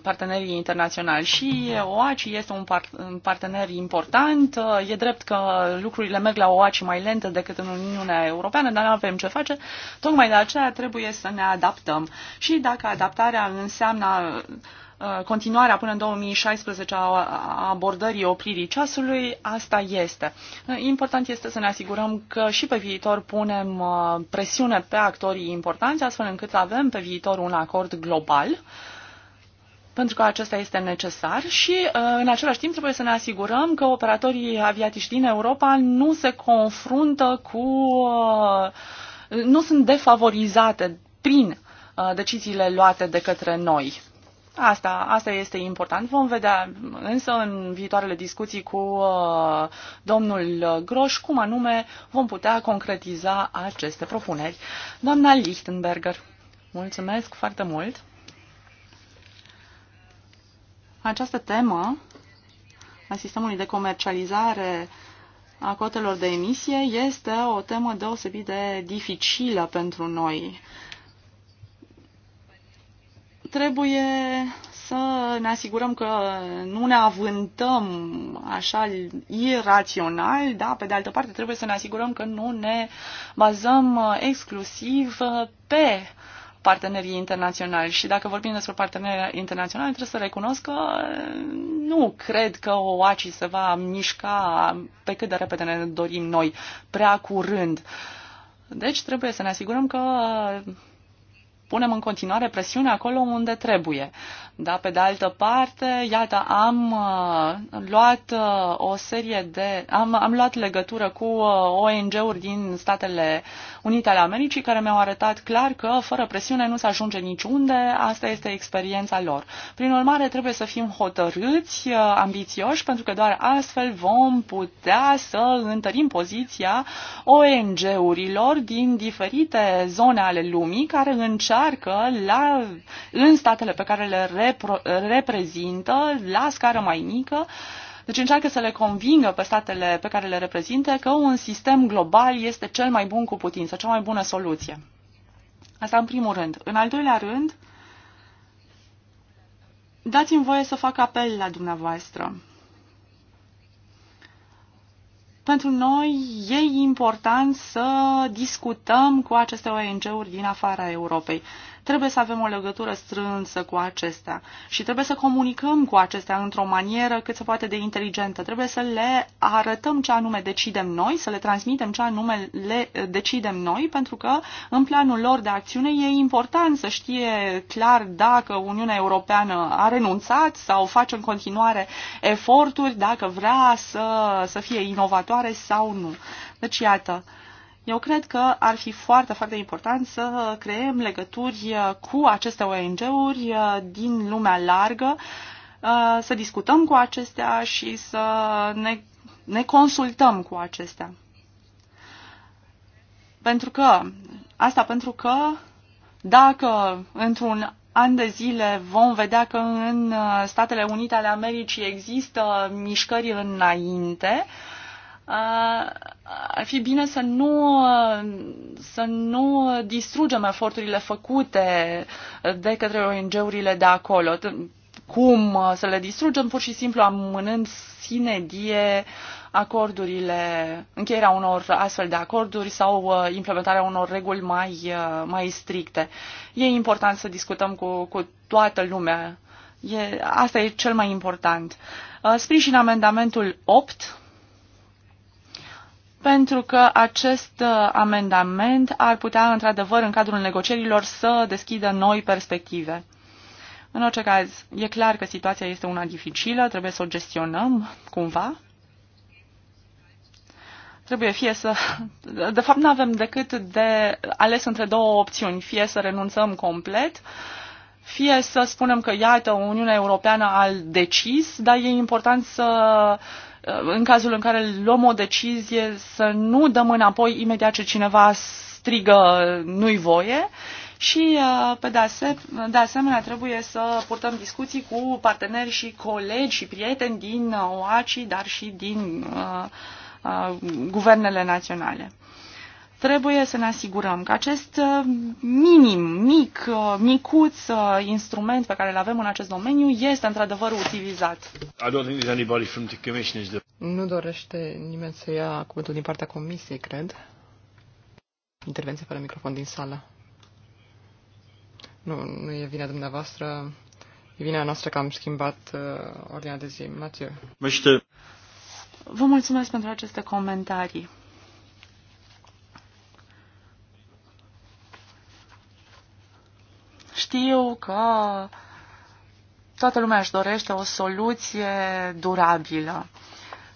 partenerii internaționali. Și OACI este un, par- un partener important. E drept că lucrurile merg la OACI mai lente decât în Uniunea Europeană, dar nu avem ce face. Tocmai de aceea trebuie să ne adaptăm. Și dacă adaptarea înseamnă Uh, continuarea până în 2016 a abordării opririi ceasului, asta este. Uh, important este să ne asigurăm că și pe viitor punem uh, presiune pe actorii importanți, astfel încât să avem pe viitor un acord global pentru că acesta este necesar și în același timp trebuie să ne asigurăm că operatorii aviatici din Europa nu se confruntă cu nu sunt defavorizate prin deciziile luate de către noi. Asta, asta este important. Vom vedea însă în viitoarele discuții cu uh, domnul Groș cum anume vom putea concretiza aceste propuneri. Doamna Lichtenberger, mulțumesc foarte mult. Această temă a sistemului de comercializare a cotelor de emisie este o temă deosebit de dificilă pentru noi. Uh, trebuie să ne asigurăm că nu ne avântăm așa irațional, da? pe de altă parte trebuie să ne asigurăm că nu ne bazăm uh, exclusiv uh, pe partenerii internaționali. Și dacă vorbim despre parteneri internaționali, trebuie să recunosc că uh, nu cred că OACI se va mișca pe cât de repede ne dorim noi, prea curând. Deci trebuie să ne asigurăm că punem în continuare presiune acolo unde trebuie. Da, pe de altă parte, iată, am uh, luat uh, o serie de. am, am luat legătură cu uh, ONG-uri din statele Unite ale Americii, care mi-au arătat clar că fără presiune nu se ajunge niciunde, asta este experiența lor. Prin urmare, trebuie să fim hotărâți, uh, ambițioși, pentru că doar astfel vom putea să întărim poziția ONG-urilor din diferite zone ale lumii care încearcă la, în statele pe care le repro, reprezintă la scară mai mică deci încearcă să le convingă pe statele pe care le reprezintă că un sistem global este cel mai bun cu putință, cea mai bună soluție. Asta în primul rând. În al doilea rând, dați-mi voie să fac apel la dumneavoastră. Pentru noi e important să discutăm cu aceste ONG-uri din afara Europei. Trebuie să avem o legătură strânsă cu acestea și trebuie să comunicăm cu acestea într-o manieră cât se poate de inteligentă. Trebuie să le arătăm ce anume decidem noi, să le transmitem ce anume le eh, decidem noi, pentru că în planul lor de acțiune e important să știe clar dacă Uniunea Europeană a renunțat sau face în continuare eforturi, dacă vrea să, să fie inovatoare sau nu. Deci, iată, uh, eu cred că ar fi foarte, foarte important să creăm legături uh, cu aceste ONG-uri uh, din lumea largă, uh, să discutăm cu acestea și să ne, ne consultăm cu acestea. Pentru că, asta pentru că dacă într-un an de zile vom vedea că în Statele Unite ale Americii există mișcări înainte, uh, ar fi bine să nu, să nu distrugem eforturile făcute de către ONG-urile de acolo. Cum să le distrugem? Pur și simplu amânând sine die acordurile, încheierea unor astfel de acorduri sau uh, implementarea unor reguli mai, uh, mai stricte. E important să discutăm cu, cu toată lumea. E, asta e cel mai important. Uh, sprijin amendamentul 8 pentru că acest uh, amendament ar putea, într-adevăr, în cadrul negocierilor, să deschidă noi perspective. În orice caz, e clar că situația este una dificilă, trebuie să o gestionăm cumva. Trebuie fie să... De fapt, nu avem decât de ales între două opțiuni. Fie să renunțăm complet, fie să spunem că, iată, Uniunea Europeană a decis, dar e important să Uh, în cazul în care luăm o decizie, să nu dăm înapoi imediat ce cineva strigă nu-i voie și, uh, pe de, ase- de asemenea, trebuie să purtăm discuții cu parteneri și colegi și prieteni din uh, OACI, dar și din uh, uh, guvernele naționale. Trebuie să ne asigurăm că acest uh, minim, mic, uh, micuț uh, instrument pe care îl avem în acest domeniu este într-adevăr utilizat. Nu dorește nimeni să ia cuvântul din partea comisiei, cred. Intervenție fără microfon din sală. Nu, nu e vina dumneavoastră. E vina noastră că am schimbat uh, ordinea de zi. Mathieu. Vă mulțumesc pentru aceste comentarii. Știu că toată lumea își dorește o soluție durabilă.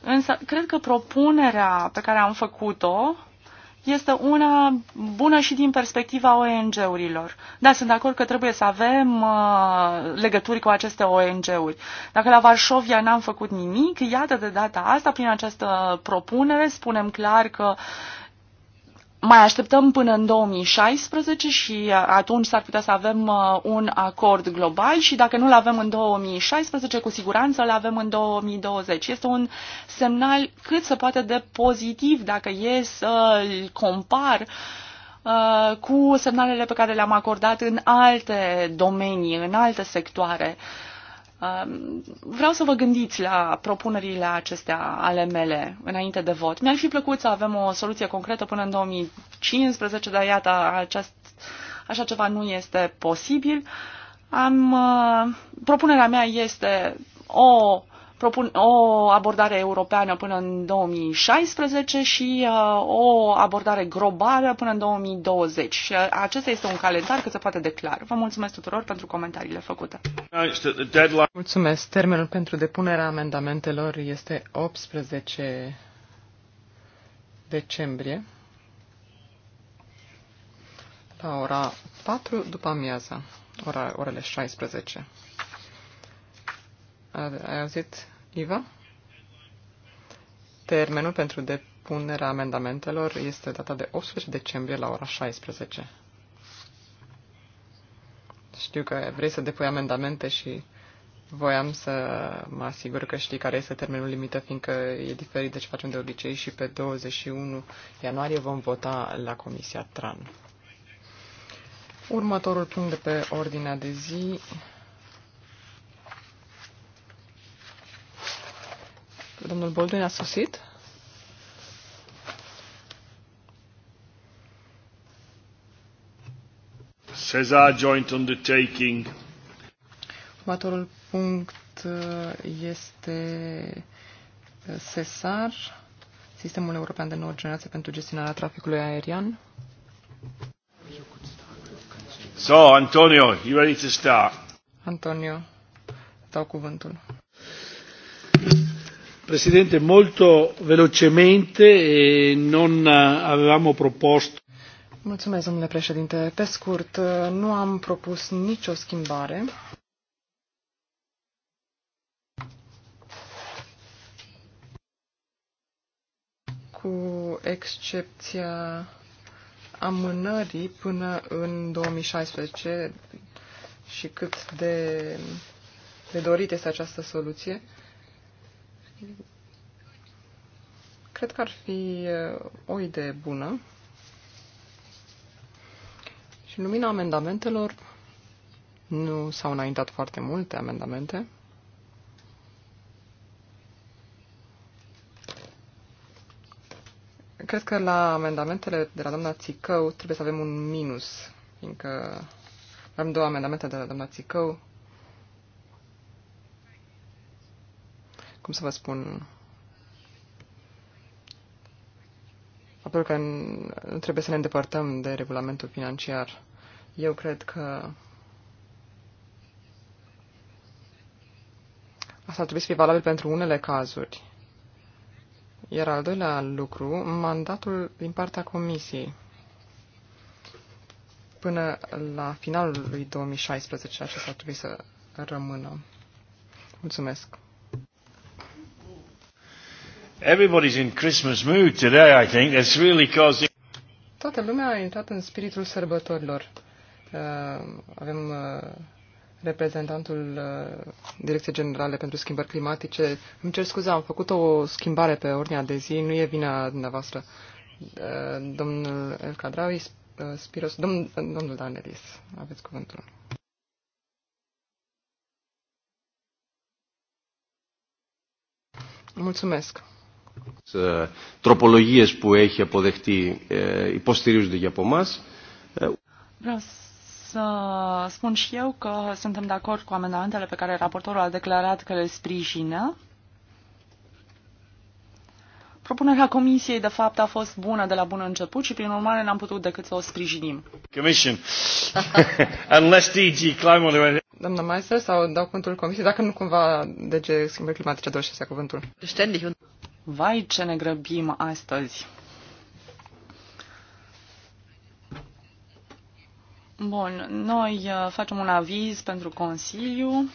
Însă, cred că propunerea pe care am făcut-o este una bună și din perspectiva ONG-urilor. Da, sunt de acord că trebuie să avem uh, legături cu aceste ONG-uri. Dacă la Varșovia n-am făcut nimic, iată de data asta, prin această propunere, spunem clar că mai așteptăm până în 2016 și uh, atunci s-ar putea să avem uh, un acord global și dacă nu-l avem în 2016, cu siguranță îl avem în 2020. Este un semnal cât se poate de pozitiv dacă e să-l compar uh, cu semnalele pe care le-am acordat în alte domenii, în alte sectoare. Uh, Um, vreau să vă gândiți la propunerile acestea ale mele înainte de vot. Mi-ar fi plăcut să avem o soluție concretă până în 2015, dar iată, aceast, așa ceva nu este posibil. Am, uh, propunerea mea este o propun o abordare europeană până în 2016 și uh, o abordare globală până în 2020. Și uh, acesta este un calendar cât se poate de clar. Vă mulțumesc tuturor pentru comentariile făcute. Mulțumesc. Termenul pentru depunerea amendamentelor este 18 decembrie la ora 4 după amiaza, ora, orele 16. Ai auzit, Iva? Termenul pentru depunerea amendamentelor este data de 18 decembrie la ora 16. Știu că vrei să depui amendamente și voiam să mă asigur că știi care este termenul limită, fiindcă e diferit de ce facem de obicei și pe 21 ianuarie vom vota la Comisia TRAN. Următorul punct de pe ordinea de zi Domnul Baldwin a sosit. Cesar Joint Undertaking. Următorul punct uh, este uh, CESAR, Sistemul European de Nouă Generație pentru Gestionarea Traficului Aerian. So, Antonio, you ready to start? Antonio, dau cuvântul. Presidente, molto velocemente, non eh, avevamo proposto. Mulțumesc, domnule președinte. Pe scurt, eh, nu am propus nicio schimbare. Cu excepția amânării până în 2016 și cât de, de dorit este această soluție, Cred că ar fi uh, o idee bună. Și în lumina amendamentelor, nu s-au înaintat foarte multe amendamente. Cred că la amendamentele de la doamna Țicău trebuie să avem un minus, fiindcă avem două amendamente de la doamna Țicău cum să vă spun, faptul că nu trebuie să ne îndepărtăm de regulamentul financiar. Eu cred că asta trebuie să fie valabil pentru unele cazuri. Iar al doilea lucru, mandatul din partea Comisiei. Până la finalul lui 2016 acesta trebuie să rămână. Mulțumesc! Everybody's in Christmas mood today, I think. It's really causing... Toată lumea a intrat în spiritul sărbătorilor. Uh, avem uh, reprezentantul uh, Direcției Generale pentru Schimbări Climatice. Îmi cer scuze, am făcut o schimbare pe ordinea de zi, nu e vina dumneavoastră. Uh, domnul El Cadravi, uh, Spiros, domn, uh, domnul Danelis, aveți cuvântul. Mulțumesc τροπολογίες που έχει αποδεχτεί υποστηρίζονται για από εμάς. să spun și eu că suntem de acord cu amendamentele pe care raportorul a declarat că le sprijină. Propunerea comisiei, de fapt, a fost bună de la bun început și, prin urmare, n-am putut decât să o sprijinim. Commission. Unless DG Climate... Doamna Meister, sau dau cuvântul comisiei, dacă nu cumva DG Schimbări Climatice dorește să ia cuvântul. Vai ce ne grăbim astăzi! Bun, noi uh, facem un aviz pentru Consiliu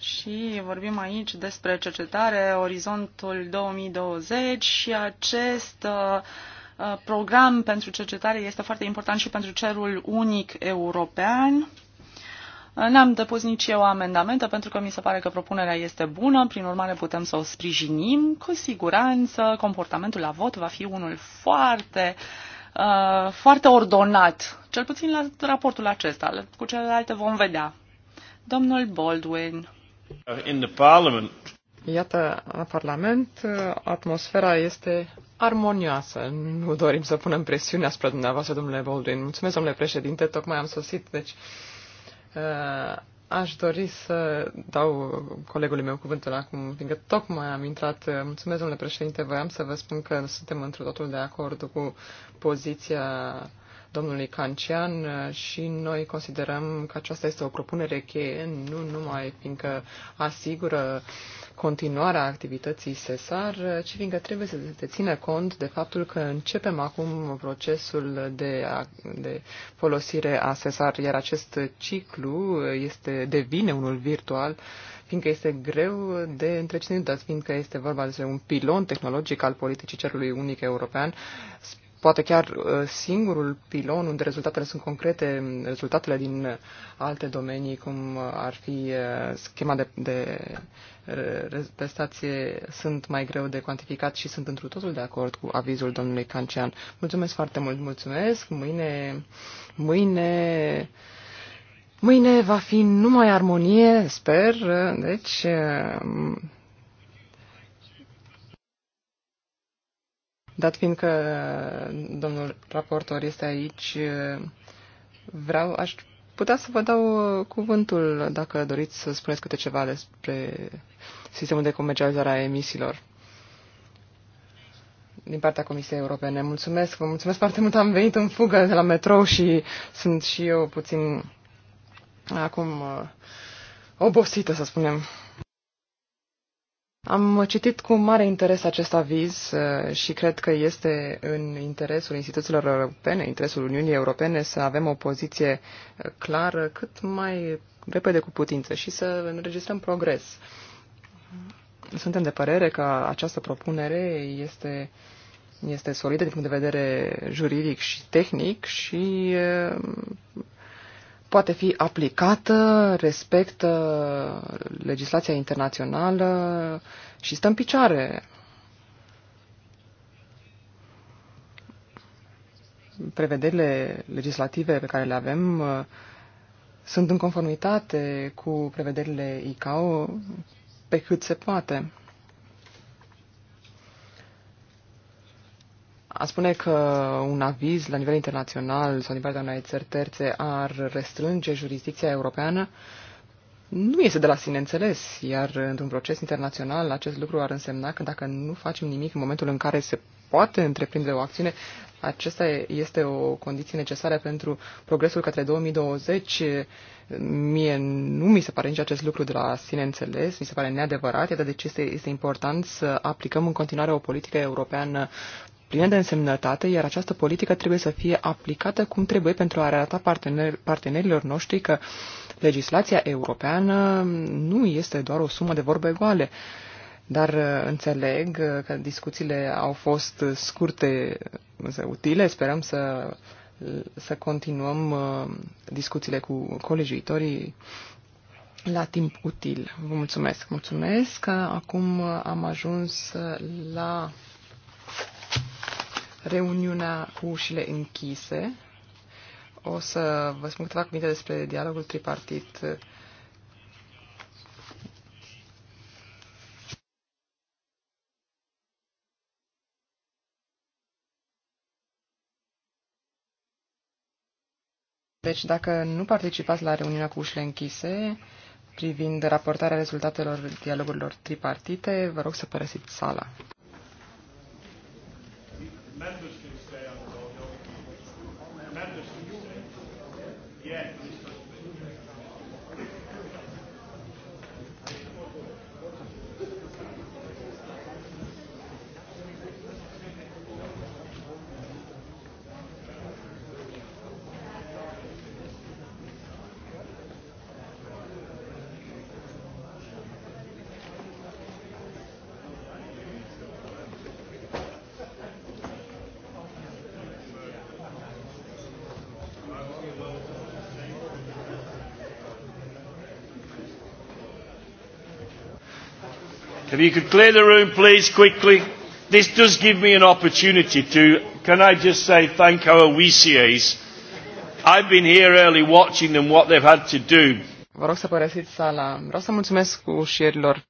și vorbim aici despre cercetare Orizontul 2020 și acest uh, uh, program pentru cercetare este foarte important și pentru cerul unic european. N-am depus nici eu amendamente pentru că mi se pare că propunerea este bună, prin urmare putem să o sprijinim. Cu siguranță comportamentul la vot va fi unul foarte, uh, foarte ordonat, cel puțin la raportul acesta. Cu celelalte vom vedea. Domnul Baldwin. In the parliament. Iată, în Parlament atmosfera este armonioasă. Nu dorim să punem presiune asupra dumneavoastră, domnule Baldwin. Mulțumesc, domnule președinte, tocmai am sosit, deci Uh, aș dori să dau colegului meu cuvântul acum, fiindcă tocmai am intrat. Uh, mulțumesc, domnule președinte, voiam să vă spun că suntem într o totul de acord cu poziția domnului Cancian uh, și noi considerăm că aceasta este o propunere cheie, nu numai fiindcă asigură continuarea activității SESAR, uh, ci fiindcă trebuie să se țină cont de faptul că începem acum procesul de, de folosire a SESAR, iar acest ciclu este, devine unul virtual, fiindcă este greu de întreținut, dar fiindcă este vorba despre un pilon tehnologic al politicii cerului unic european, poate chiar uh, singurul pilon unde rezultatele sunt concrete, rezultatele din alte domenii, cum uh, ar fi uh, schema de, de prestație, sunt mai greu de cuantificat și sunt întru totul de acord cu avizul domnului Cancian. Mulțumesc foarte mult, mulțumesc. Mâine, mâine, mâine va fi numai armonie, sper. Deci, Dat fiindcă uh, domnul raportor este aici, uh, vreau, aș putea să vă dau uh, cuvântul dacă doriți să spuneți câte ceva despre sistemul de comercializare a emisiilor din partea Comisiei Europene. Mulțumesc, vă mulțumesc foarte mult, am venit în fugă de la metrou și sunt și eu puțin acum obosită, să spunem. Am citit cu mare interes acest aviz uh, și cred că este în interesul instituțiilor europene, interesul Uniunii Europene să avem o poziție uh, clară cât mai repede cu putință și să înregistrăm progres. Suntem de părere că această propunere este, este solidă din punct de vedere juridic și tehnic și uh, poate fi aplicată, respectă legislația internațională și stă în picioare. Prevederile legislative pe care le avem uh, sunt în conformitate cu prevederile ICAO pe cât se poate. A spune că un aviz la nivel internațional sau nivel de unei țări terțe ar restrânge jurisdicția europeană nu este de la sine înțeles, iar într-un proces internațional acest lucru ar însemna că dacă nu facem nimic în momentul în care se poate întreprinde o acțiune, acesta este o condiție necesară pentru progresul către 2020. Mie nu mi se pare nici acest lucru de la sine înțeles, mi se pare neadevărat, iar de ce este, este important să aplicăm în continuare o politică europeană plină de însemnătate, iar această politică trebuie să fie aplicată cum trebuie pentru a arăta partener, partenerilor noștri că legislația europeană nu este doar o sumă de vorbe goale. Dar uh, înțeleg uh, că discuțiile au fost scurte, însă utile. Sperăm să, să continuăm uh, discuțiile cu colegiitorii la timp util. Vă mulțumesc. Mulțumesc că acum am ajuns la reuniunea cu ușile închise. O să vă spun câteva cuvinte despre dialogul tripartit Deci, dacă nu participați la reuniunea cu ușile închise, privind raportarea rezultatelor dialogurilor tripartite, vă rog să părăsiți sala. If you could clear the room, please, quickly. This does give me an opportunity to, can I just say, thank our WCAs. I've been here early watching them what they've had to do. Vă rog să părăsiți sala. Vreau să mulțumesc ușierilor